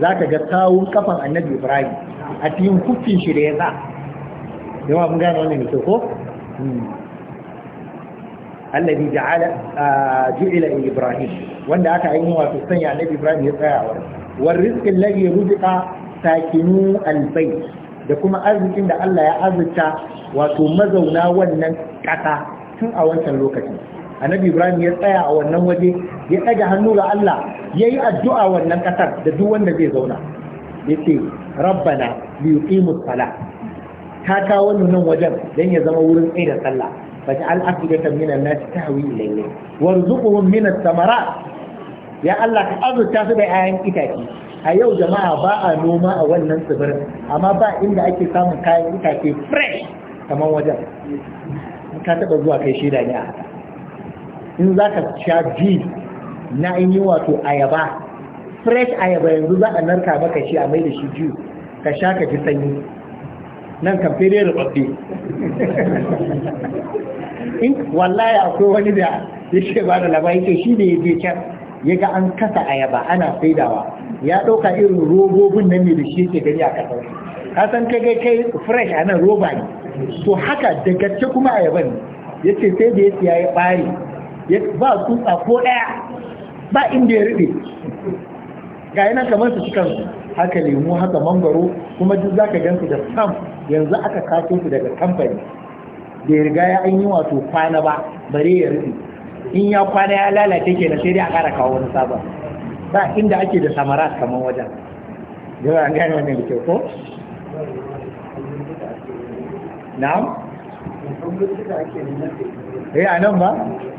za ka ga kawun kafan annabi ibrahim a cikin kuffin shi da ya sa jama'a mun gane wannan ne ko hmm. alladhi ja'ala ju'ila ibrahim wanda aka yi wato sanya annabi ibrahim ya tsaya wa war rizqi alladhi ruziqa sakinu albayt da kuma arzikin da Allah ya azurta wato mazauna wannan ƙasa tun a wancan lokacin annabi ibrahim ya tsaya a wannan waje ya ɗaga hannu ga Allah ya yi addu'a wannan ƙasar da duk wanda zai zauna ya ce rabbana li yuqimus sala ta kawo nan wajen dan ya zama wurin tsaye da sallah faj'al afidatan minan nas tahwi ilayhi warzuqhum minas samarat ya Allah ka azurta su da 'ya'yan itace a yau jama'a ba a noma a wannan tsibirin amma ba inda ake samun kayan itace fresh kamar wajen ka taɓa zuwa kai shida ne a haka in za ka sha ji na in yi wato ayaba fresh ayaba yanzu za a narka maka shi a mai da shi ji ka sha ka ji sanyi nan kan fere rubabbe [LAUGHS] in wallahi akwai wani da ya ce ba da labari ce shi ne ya je can ya ga an kasa ayaba ana saidawa ya ɗauka irin robobin nan ne da shi ke gani a ƙasar ka san kai kai kai fresh a nan roba ne to haka da gaske kuma ayaban ya ce sai da ya siya ya ɓare ba tsutsa ko ɗaya ba inda ya rube ga yana kamar su cikin haka lemu haka mangoro kuma duk gan gansu da sam yanzu aka kaso su daga kamfani da ya riga ya an yi wato kwana ba bare ya rube in ya kwana ya lalace kenan sai dai a ƙara kawo wani sabon ba inda ake da samaras kamar wajen yau an gane wannan da kyau ko na'am eh a nan ba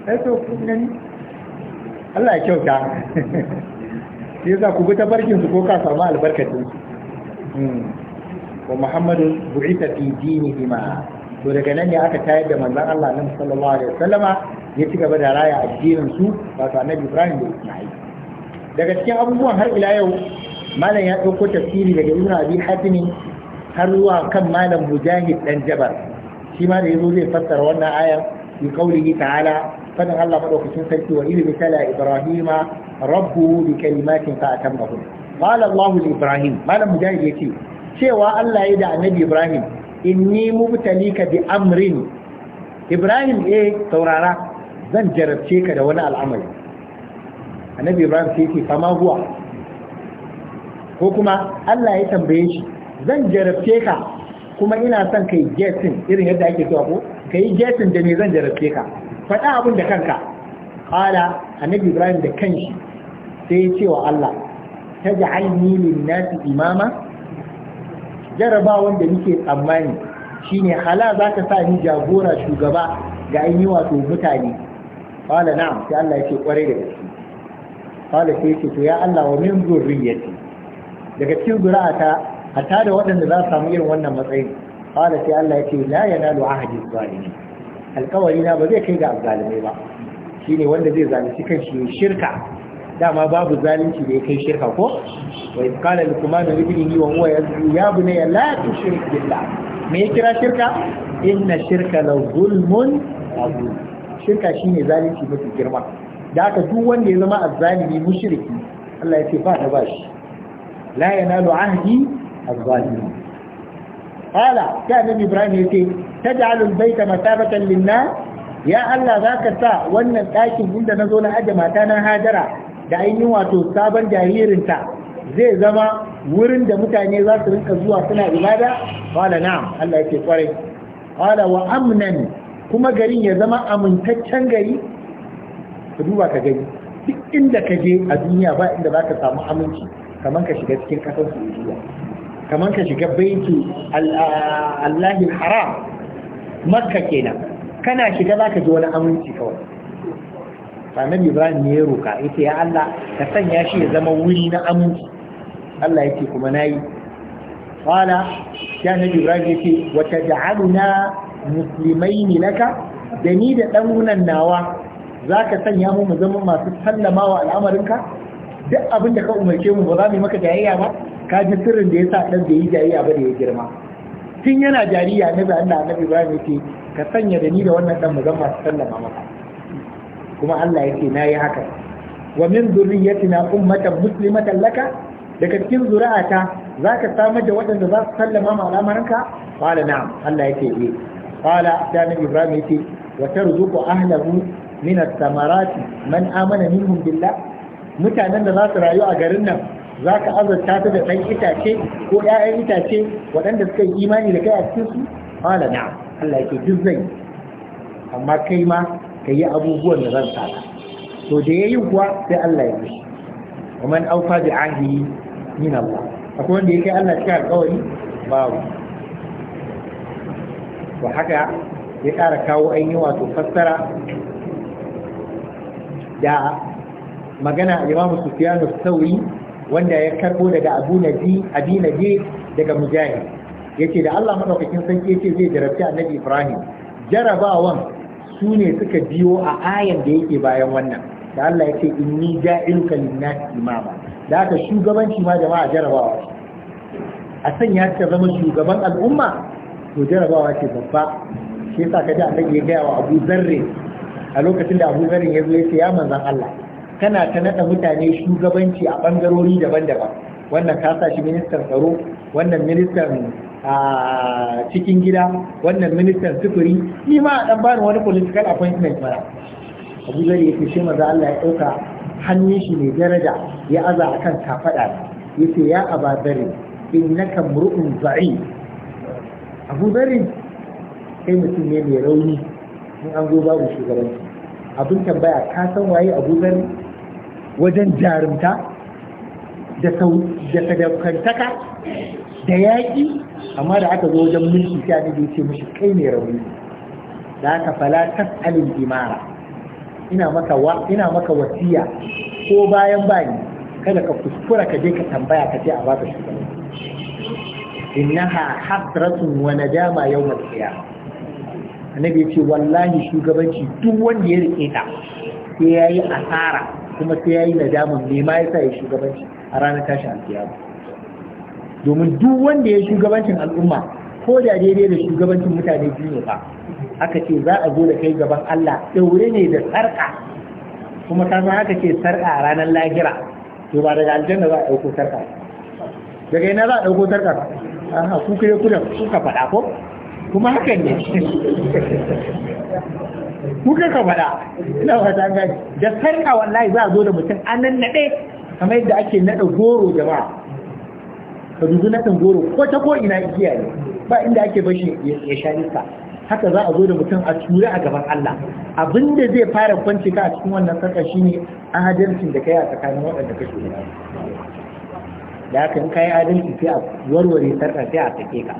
sai eh, to kun gani Allah ya kyauta shi yasa ku bi tabarkin su ko ka samu albarkatin hmm. wa Muhammadu bu'ita fi dini hima. to daga nan ne aka tayar da manzon Allah nan sallallahu alaihi wasallama ya ci gaba da raya addinin su wato annabi Ibrahim da Isma'il daga cikin abubuwan har ila yau malam ya ɗauko tafsiri daga ibn abi hatimi har zuwa kan malam mujahid dan jabar shi ma da yazo zai fassara wannan ayar bi qaulihi ta'ala fadin Allah madaukakin sarki wa ilmi tala ibrahima rabbuhu bi kalimatin fa atammahu qala Allah li ibrahim malam mujahid yace cewa Allah ya da annabi ibrahim inni mubtalika bi amrin ibrahim eh saurara zan jarabce ka da wani al'amari annabi ibrahim sai ce fama ko kuma Allah ya tambaye shi zan jarabce ka kuma ina son kai getin irin yadda ake zuwa ko kai getin da me zan jarabce ka faɗa abin da kanka kala annabi ibrahim da kanshi sai ya ce wa Allah taj'alni lin-nasi imama jaraba wanda nake tsammani shine hala za ka sa ni jagora shugaba ga ainihi wato mutane qala na'am sai Allah ya ce kware da gaske kala sai ce to ya Allah wa min zurriyati daga cikin zuri'ata hatta da waɗanda za su samu irin wannan matsayin, kala sai Allah ya ce la yanalu ahadi zalimi alkawari na ba zai kai ga azzalimai ba shine wanda zai zalunci kanshi shirka dama babu zalunci da ya kai shirka ko wa qala luqman li ibnihi wa huwa yazri ya bunayya la tushrik billah me ya kira shirka inna shirka la zulmun azim shirka shine zalunci mafi girma da aka duk wanda ya zama azzalimi mushriki Allah ya ce ba da bashi la yanalu ahdi azzalimi qala ta nabi ibrahim yace taj'alu al masabatan lin ya Allah zaka sa wannan ɗakin inda nazo na aje mata na hajara da ainihin wato sabon jaririnta zai zama wurin da mutane za su rinka zuwa suna ibada qala na'am Allah yake kware qala wa amnan kuma garin ya zama amintaccen gari ka duba ka gani duk inda ka je a duniya ba inda za ka samu aminci kamar ka shiga cikin ƙasar saudiya kamar ka shiga baiti allahil haram makka kenan kana shiga za ka ji wani aminci kawai annabi ibrahim ne ya roka yace ya allah ka sanya shi ya zama wuri na aminci allah ya ce kuma na nayi qala ya annabi ibrahim yace wa taj'aluna muslimaini laka da ni da dan nawa za ka sanya mu mu zama masu sallamawa al'amarinka duk abin da ka umarce mu ba za mu yi maka jayayya ba ka ji sirrin da ya sa ɗan da yi jayayya ba da ya girma tun yana jariya na da Allah na Ibrahim ya ce ka sanya da ni da wannan dan mu zama masu sallama maka kuma Allah ya ce na yi haka wa min zurriyyatina ummatan muslimatan laka daga cikin zuri'ata za ka samar da waɗanda za su sallama ma al'amarinka qala na'am Allah ya yake eh qala da Ibrahim Ibrahim yake wa tarzuqu ahlahu min samarati man amana minhum billah mutanen da za su rayu a garin nan za ka azurta su da ɗan itace ko ‘ya'yan itace waɗanda suka yi imani da kai a cikin su ƙala na Allah ke duk zai amma kai ma ka yi abubuwan da zan saka to da ya yi kuwa sai Allah ya yi wa man aufa bi ahdi min Allah akwai wanda ya kai Allah cikin alƙawari babu to haka ya ƙara kawo yi wato fassara da magana Imam Sufyan sauri wanda ya karbo daga Abu Naji Abi daga Mujahid yace da Allah maɗaukakin sarki yace zai jarabci Annabi Ibrahim jarabawan su ne suka biyo a ayan da yake bayan wannan da Allah ya ce ni ja'iluka lin-nasi imama da haka shugabanci ma jama'a jarabawa a sanya ta zama shugaban al'umma to jarabawa ce babba shi yasa kaji annabi ya gaya wa Abu Zarri a lokacin da Abu garin ya zo ya ce ya manzan Allah kana ta nada mutane shugabanci a bangarori daban-daban wannan ka shi ministan tsaro wannan ministan a cikin gida wannan ministan sufuri ni ma a dan bani wani political appointment mara Abu garin ya ce shi Allah ya dauka hannun shi mai daraja ya aza akan kafada yace ya Aba in innaka mur'un za'i Abu garin, kai mutum ne mai rauni in an zo babu shugabanci abin tambaya ka san waye abu zari wajen jarumta da sadaukantaka da yaƙi amma da aka zo wajen mulki sai annabi ce mishi kai ne rauni da aka fala tas'alil imara ina maka wa ina maka wasiya ko bayan bani kada ka kuskura ka je ka tambaya ka ce a baka shugabanci innaha hasratun wa nadama yawmal qiyamah annabi ya ce wallahi shugabanci duk wanda ya rike ta sai ya yi asara kuma sai ya yi nadamun ne ma ya sa ya shugabanci a ranar tashin alkiyama domin duk wanda ya shugabancin al'umma ko da daidai da shugabancin mutane biyu ne ba aka ce za a zo da kai gaban Allah daure ne da sarƙa kuma ka san aka ce sarƙa a ranar lahira to ba daga aljanna za a ɗauko sarƙa daga ina za a ɗauko sarƙa ha ku kai kudan kuka faɗa ko kuma hakan ne kuka ka faɗa ina fata gani da sarka wallahi za a zo da mutum an nan naɗe kamar yadda ake naɗa goro jama'a ka dubi naɗin goro ko ta ko ina igiya ne ba inda ake bashi ya sha nisa haka za a zo da mutum a tura a gaban Allah abinda zai fara kwanci ka a cikin wannan sarƙa shine adalcin da kai a tsakanin waɗanda kake da haka in kai adalci sai a warware sarka sai a sake ka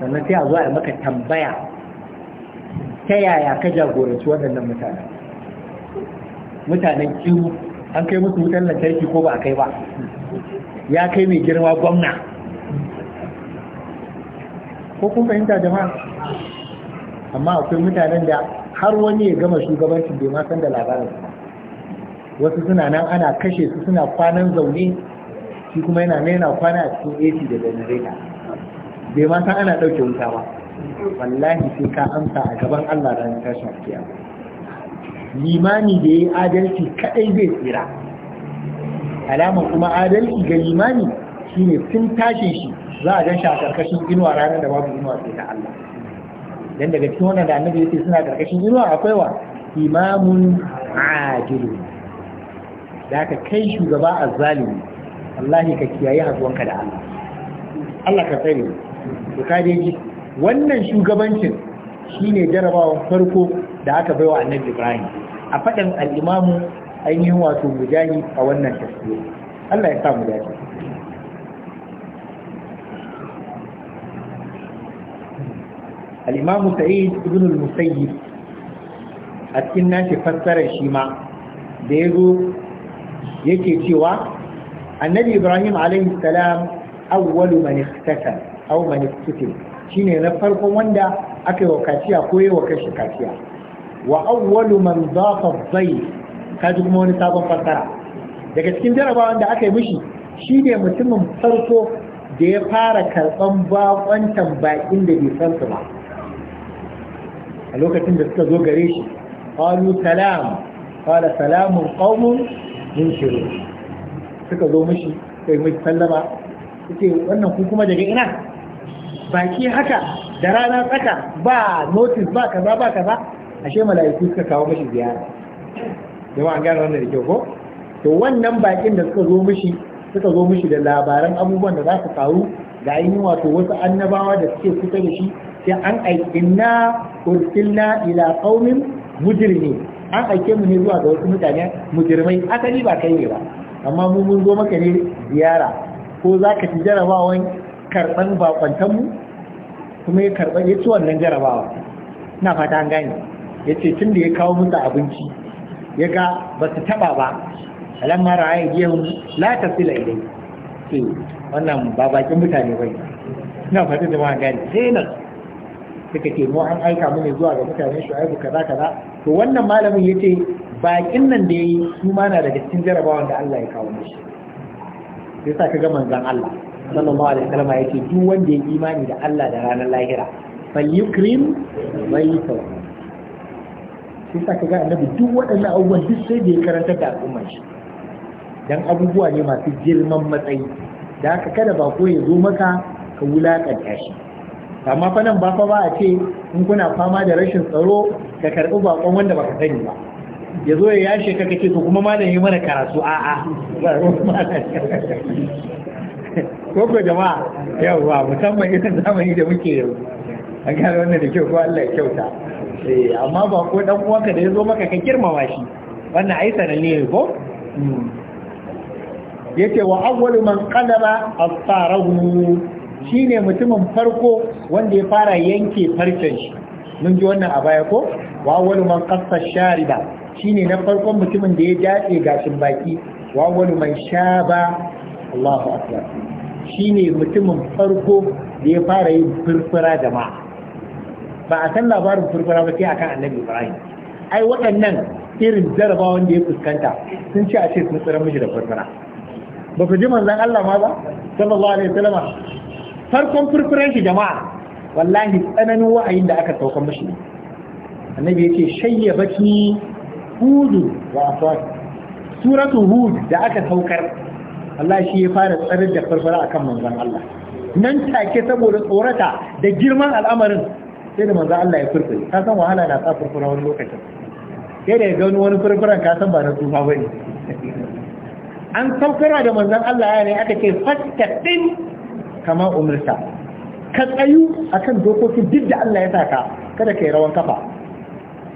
sannan sai a zo a maka tambaya ta yaya ka jagoranci waɗannan mutane mutanen kiwu an kai musu wutan lantarki ko ba a kai ba ya kai mai girma gwamna ko kun fahimta jama'a amma akwai mutanen da har wani ya gama shugabancin bai ma san da labarin wasu suna nan ana kashe su suna kwanan zaune shi kuma yana nena kwana a cikin AC da janareta bai ma san ana ɗauke wuta ba wallahi sai ka amsa a gaban Allah da ran tashin kiyama limani da yi adalci kadai zai tsira alama kuma adalci ga limani shine sun tashin shi za a gan shi a karkashin inuwa ranar da babu inuwa sai ta Allah dan daga cikin wannan da annabi yake suna karkashin inuwa akwai wa imamun adilu da ka kai shugaba azzalimi wallahi ka kiyaye hazuwanka da Allah Allah ka tsare to ka ji wannan shugabancin shine jarabawan farko da aka baiwa annabi Ibrahim a faɗin al-Imamu ainihin wato mujahid a wannan tafsiri Allah ya sa mu dace al-Imam Sa'id ibn al-Musayyib a cikin nashi fassarar shi ma da yazo yake cewa annabi Ibrahim alaihi salam awwalu man ikhtasara aw shi shine na farkon wanda aka yi wa kaciya ko yi wa kashi kaciya wa awwalu man dafa zai kaji kuma wani sabon fassara daga cikin jarabawan da aka yi mishi shine mutumin farko da ya fara karɓan bakwantan baƙin da bai san ba a lokacin da suka zo gare shi qalu salam qala salamun qaumun yunkirun suka zo mishi sai mai sallama suke wannan ku kuma daga ina baki haka da rana tsaka ba notice ba kaza ba kaza ashe mala'iku suka kawo mashi ziyara yawa an gane wannan da kyau ko to wannan bakin da suka zo mishi suka zo mishi da labaran abubuwan da za su faru da yin wato wasu annabawa da suke kusa da shi sai an aikinna ursilna ila qaumin mujrimi an aike mu ne zuwa ga wasu mutane mujrimai asali ba kai ne ba amma mu mun zo maka ne ziyara ko za ka ci jarabawan karban bakwantanmu kuma ya karɓa ya ci wannan jarabawa na fata an gane ya ce tun da ya kawo musu abinci ya ga ba su taɓa ba alamma ra'ayi giyahun la ta sila idai ce wannan ba bakin mutane bai na fata da ma gani sai na suka ce mu an aika mu ne zuwa ga mutane shu'aibu kaza kaza to wannan malamin yace bakin nan da yi su ma na daga cikin jarabawan da Allah ya kawo mishi sai sa ga manzon Allah sallallahu alaihi wasallam ya ce duk wanda ya imani da Allah da ranar lahira fal yukrim maytahu shi sa kaga annabi duk waɗannan abubuwan duk sai da ya karanta da al'umma shi dan abubuwa ne masu girman matsayi da haka kada ba ko ya zo maka ka wulakanta shi amma fa nan ba fa ba a ce in kuna fama da rashin tsaro ka karɓi bakon wanda baka sani ba ya zo ya yashe ka kace to kuma malam mana karatu a'a koko jama'a yawwa musamman irin zamani da muke yau an gane wannan da kyau ko Allah ya kyauta eh, amma ba ko dan uwanka da ya zo maka ka girmama shi wannan ai sananne ne ko hmm. yace wa awwalu man qalaba shi shine mutumin farko wanda ya fara yanke farcen shi mun ji wannan a baya ko wa awwalu man qassa shi shine na farkon mutumin da ya dace gashin baki wa awwalu man shaba Allahu akbar Shi ne mutumin farko da ya fara yin furfura jama'a ba a san labarin furfura ba sai akan annabi ibrahim ai waɗannan irin jarabawan da ya fuskanta sun ce a ce sun tsira mishi da furfura ba ku ji manzan Allah ma ba sallallahu alaihi wasallam farkon furfuran shi jama'a wallahi tsananin wa'ayin da aka sauka ne. annabi yace shayyabaki hudu wa afat suratu hud da aka saukar Allah shi ya fara tsarar da farfara akan manzon Allah nan take saboda tsorata da girman al'amarin sai da manzon Allah ya furfure ka san wahala na sa furfura wani lokacin sai da ya gani wani furfuran ka san ba na tsufa bane an saukara da manzan Allah ya ne aka ce din kama umarta ka tsayu akan dokokin duk da Allah ya saka kada kai rawan kafa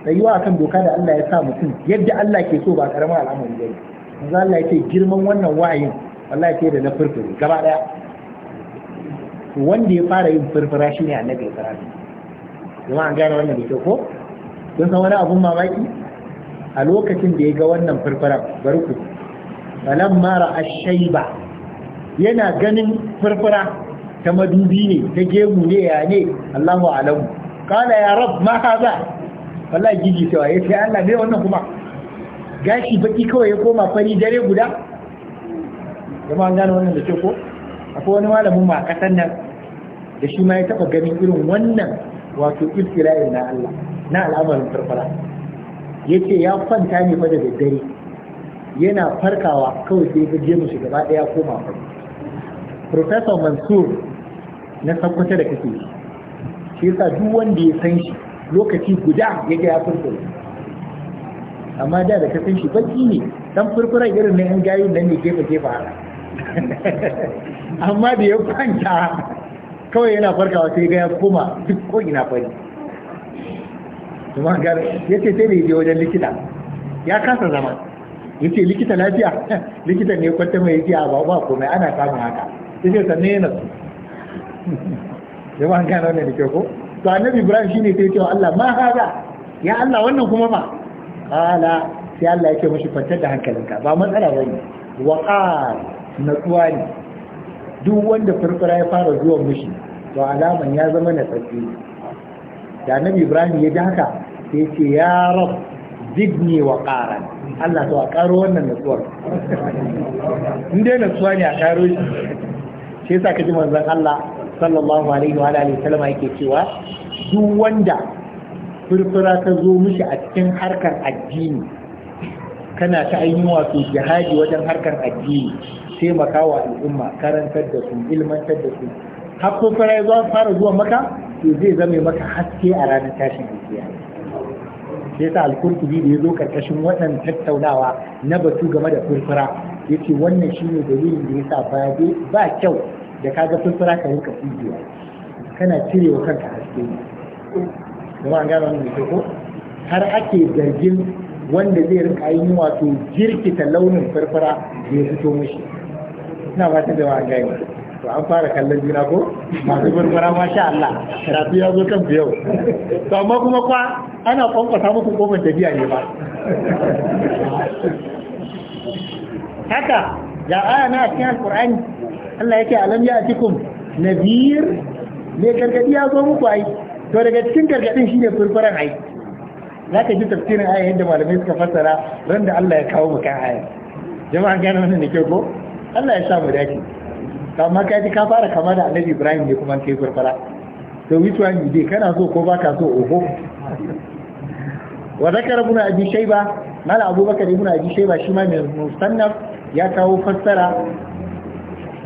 tsayuwa akan doka da Allah ya sa mutum yadda Allah ke so ba karamin al'amari ba manzo Allah ya ce girman wannan wa'ayin wallahi sai da na furfure gaba daya wanda ya fara yin furfura shine annabi Ibrahim kuma an gane wannan da kyau ko kun san wani abun mamaki a lokacin da ya ga wannan furfura bari ku falamma ra'a shayba yana ganin furfura ta madubi ne ta gemu ne ya ne Allahu alamu kana ya rab ma haza wallahi gigi cewa yace Allah me wannan kuma gashi baki kawai ya koma fari dare guda zama an gane wannan da ce ko akwai wani malamin ma a nan da shi ma ya taba ganin irin wannan wato iftira'i na Allah na al'amarin farfara ya ce ya kwanta ne fa da dare. yana farkawa kawai sai ya je shi gaba ɗaya koma farko Professor Mansur na sakwata da kake shi shi duk wanda ya san shi lokaci guda ya ga ya furfura amma da da ka san shi baki ne dan furfura irin na yan gayu nan ne gefe gefe haka [LAUGHS] amma da ya kwanta kawai yana farkawa sai ga ya koma duk ko ina fari kuma gar ya ce sai da je wajen likita ya kasa zama ya ce likita lafiya [LAUGHS] likita ne kwanta mai yake a ba komai ana samun haka ya ce sanne yana su yawan [LAUGHS] gano wannan da ke ko to annabi ibrahim shine sai cewa Allah ma haza ya Allah wannan kuma ba kala sai Allah yake mashi kwantar da hankalinka ba matsala bane wa qala natsuwa ne duk wanda furfura ya fara zuwa mushi to alaman ya zama na tsaki da nabi ibrahim ya ji haka sai ce ya rab zidni wa ƙara Allah to a ƙaro wannan natsuwar in dai natsuwa ne a ƙaro shi sai sa ka ji manzon Allah sallallahu alaihi wa alihi sallama yake cewa duk wanda furfura ta zo mushi a cikin harkar addini kana ta ainihin wato jihadi wajen harkar addini taimaka wa al'umma karantar da su ilmantar da su hakkun fara zuwa fara zuwa maka to zai zame maka haske a ranar tashin gaskiya sai ta al-Qurtubi da zo karkashin wannan tattaunawa na batu game da furfura yace wannan shine dalilin da yasa ba ba kyau da kaga furfura ka rinka fujiya kana cirewa kanka haske ne kuma an gano wannan ko har ake zargin wanda zai rinka yin wato jirkita launin furfura da ya fito mishi ina ba ta jama'a gani to an fara kallon juna ko masu gurgura ma sha Allah karatu ya zo kan yau to amma kuma kwa ana kwankwasa muku kofar tafiya ne ba haka ga aya na cikin alkur'ani Allah yake alam ya atikum nadhir ne gargadi ya zo muku ai to daga cikin gargadin shine furfuran ai ka ji tafsirin aya yadda malamai suka fassara ran da Allah ya kawo kan aya jama'a gane wannan ne ke ko Allah ya sa mu dace amma ka ka fara kama da Annabi Ibrahim ne kuma kai gurfara to which one you dey kana so ko baka so oho wa zakara ibn abi shayba mal abubakar ibn abi shayba shi ma mai musannaf ya kawo fassara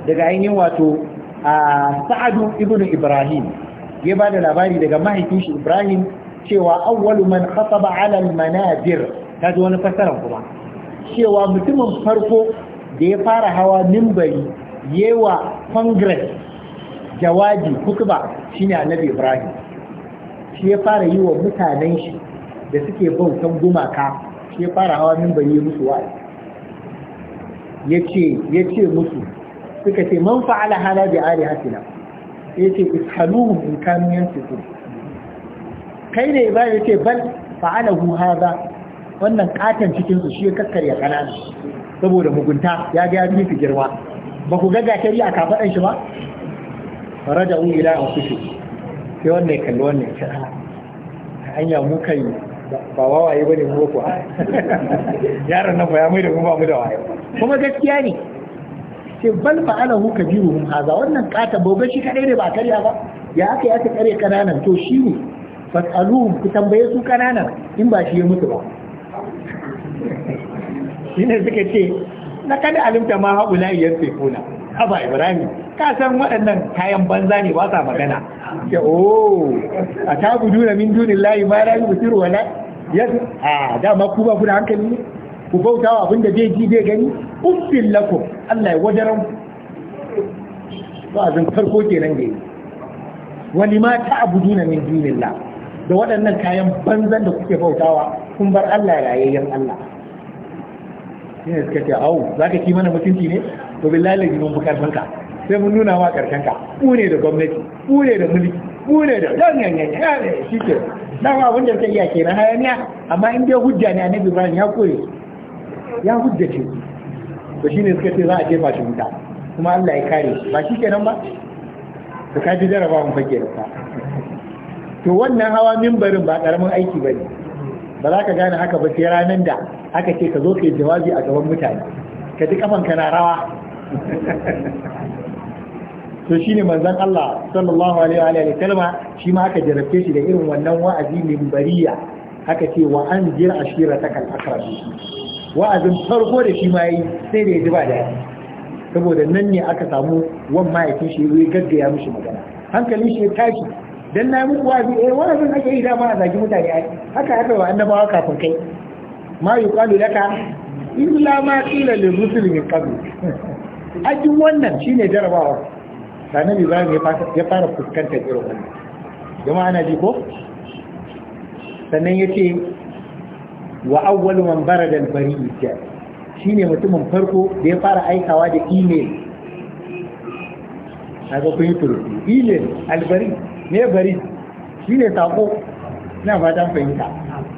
daga ainihin wato a sa'adu ibn ibrahim ya ba da labari daga mahaifin shi ibrahim cewa awwalu man khataba ala al manadir ta ji wani fassara kuma cewa mutumin farko da ya fara hawa mimbari yewa congress jawabi shi shine annabi ibrahim shi ya fara yi wa mutanen shi da suke bautan gumaka shi ya fara hawa mimbari ya musu wa'azi yace yace musu suka ce man fa'ala hala bi hasina yace ishaluhum in kanu yansifu kai ne ba yace bal fa'alahu Haza, wannan katan cikin su shi ya kakkarya kanana saboda mugunta ya ga ya fi girma ba ku ga yi a kafaɗan shi ba raja u ila a kushe sai wannan kalli wannan ce a ah, hanya mu kai ba wawaye ba ne mu kuwa ah. [LAUGHS] yaron nan ba ya mai da kuma ba mu da waye kuma gaskiya ne sai bal fa'alahu kabiruhum haza wannan kata bobe shi kadai ne ba karya ba ya aka ya aka kare kananan to shi ne fasaluhum ku tambaye su kananan in ba shi ya mutu ba shine suka ce na kada alimta ma haula yan tefuna haba ibrahim ka san waɗannan kayan banza ne ba sa magana ya oh a ta gudu na min dunin layi ma rayu basiru wala ya a dama ku ba ku da hankali ne ku bauta wa abinda zai ji zai gani uffin lakum Allah ya wajaran wa'azin farko kenan da yi wani ma ta abudu na min dunin da waɗannan kayan banzan da kuke bautawa kun bar Allah rayayyen Allah shine suka ce au za ka ki mana mutunci ne to billahi lazi mun bukarfin ka sai mun nuna ma karshen ka ku ne da gwamnati ku ne da mulki ku ne da dan yanyan ya ne shike dan abin da kai iya kenan hayaniya amma in dai hujja ne annabi Ibrahim ya kore ya hujja ce. to shine suka ce za a jefa shi wuta kuma Allah ya kare shi ba shi kenan ba to ka ji jarabawan fake da to wannan hawa mimbarin ba karamin aiki bane ba za ka gane haka ba sai ranar da aka ce ka zo ka yi jawabi a gaban mutane ka ji kafanka na rawa [LAUGHS] to shine manzon Allah sallallahu alaihi wa kalma shi ma aka jarabce shi da irin wannan wa'azi mai bariya aka ce wa an jir ashira ta kal akrabi wa'azin farko da shi ma yi sai da ya ji ba da saboda nan ne aka samu wan mahaifin shi ya gaggaya mishi magana Hankali shi ya tashi dan na muku wazi eh wannan zan ake yi dama a zagi mutane ai haka haka wa annabawa kafin kai ma yuqalu laka illa ma qila lirrusul min qabl [LAUGHS] ajin wannan shine jarabawa sanan Ibrahim ya fara fuskantar irin wannan jama'a na ji ko sannan yace wa awwalu man barada al-bariya shine mutumin farko da ya fara aikawa da email kaga kun yi turu email al-bariya me bari Shi ne sako ina fatan fahimta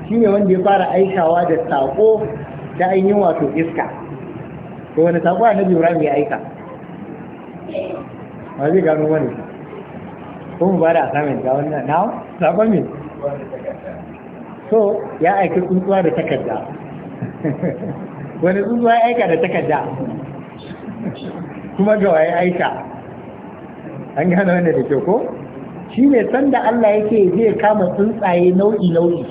Shi ne wanda ya fara aikawa da sako da ainihin wato iska to wani sako nabi Ibrahim ya aika ba zai gano wani ko mu bada da assignment ga wannan na sako me so ya aika tsuntsuwa da takarda [LAUGHS] wani tsuntsuwa ya aika da takarda kuma ga waye aika an gano wannan da kyau ko Shi shine sanda Allah yake zai kama tsuntsaye nau'i nau'i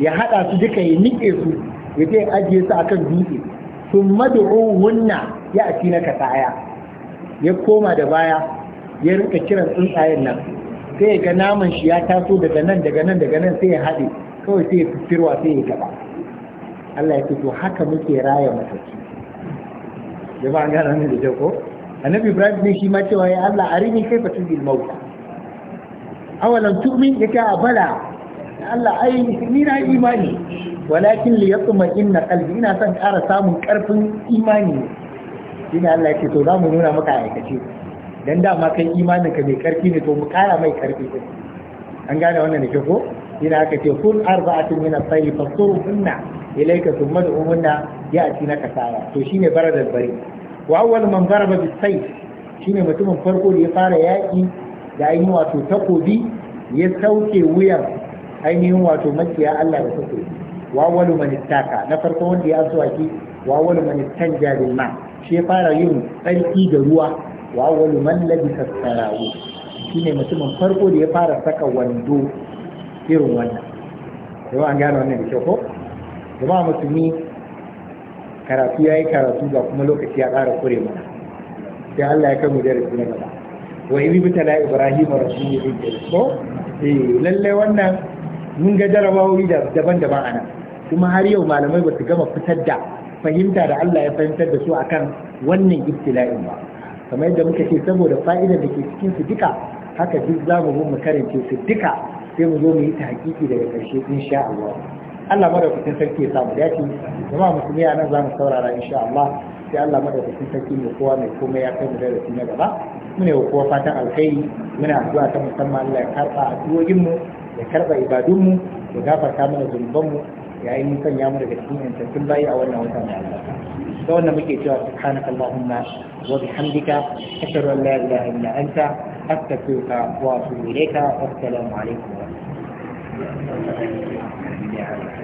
ya hada su duka ya nike su ya je ajiye su akan dutse sun wunna ya ati na kasaya ya koma da baya ya rinka kiran tsuntsayen nan sai ga naman shi ya taso daga nan daga nan daga nan sai ya haɗe kawai sai ya fitirwa sai ya gaba Allah ya ce to haka muke raya ba an gana ne da jago annabi ibrahim ne shi ma cewa ya Allah rini kai fatul mauta awalan tu'min yake a bala Allah ai ni na imani walakin li yatma inna qalbi ina son ƙara samun ƙarfin imani shine Allah yake to zamu nuna maka aikace dan dama kai imanin ka mai ƙarfi ne to mu ƙara mai ƙarfi an gane wannan da ko ina aka ce kun arba'atun min as-sayyi fasuruhunna ilayka thumma du'uhunna ya'ti naka sawa to shine baradal bari wa awwal man daraba bis-sayf shine mutumin farko da ya fara yaki da ainihin wato takobi ya sauke wuyan ainihin wato makiya Allah da takobi wa walu manistaka na farko wanda ya aswaki wa walu manistan jarin shi ya fara yin tsarki da ruwa wa man labisa sarawu shine mutumin farko da ya fara saka wando irin wannan yau an gane wannan da kyau ko kuma musulmi karatu ya yi karatu ga kuma lokaci ya ƙara kure mana sai Allah ya kai mu darasi na gaba wa iri bitala ibrahim rasulun ko eh lalle wannan mun ga jarabawoyi daban-daban ana kuma har yau malamai ba su gama fitar da fahimta da Allah ya fahimtar da su akan wannan ibtila'in ba kamar yadda muka ce saboda fa'idar da ke cikin su duka haka duk za mu mu karance su duka sai mu zo mu yi ta daga ƙarshe insha Allah Allah madaukakin sarki ya samu dace jama'a musulmi a nan za mu saurara insha Allah sai Allah madaukakin sarki mai kowa mai komai ya kai mu darasi na gaba mune wa kowa fatan alkhairi muna addu'a ta musamman Allah ya karba addu'o'in mu ya karba ibadun mu ya gafarta mana zunuban mu ya yi sanya ya mu daga cikin yantattun bayi a wannan wata mai albarka da wannan muke cewa subhanaka allahumma wa bihamdika ashhadu an la ilaha illa anta astaghfiruka wa atubu ilayka wassalamu alaikum wa rahmatullahi wa barakatuh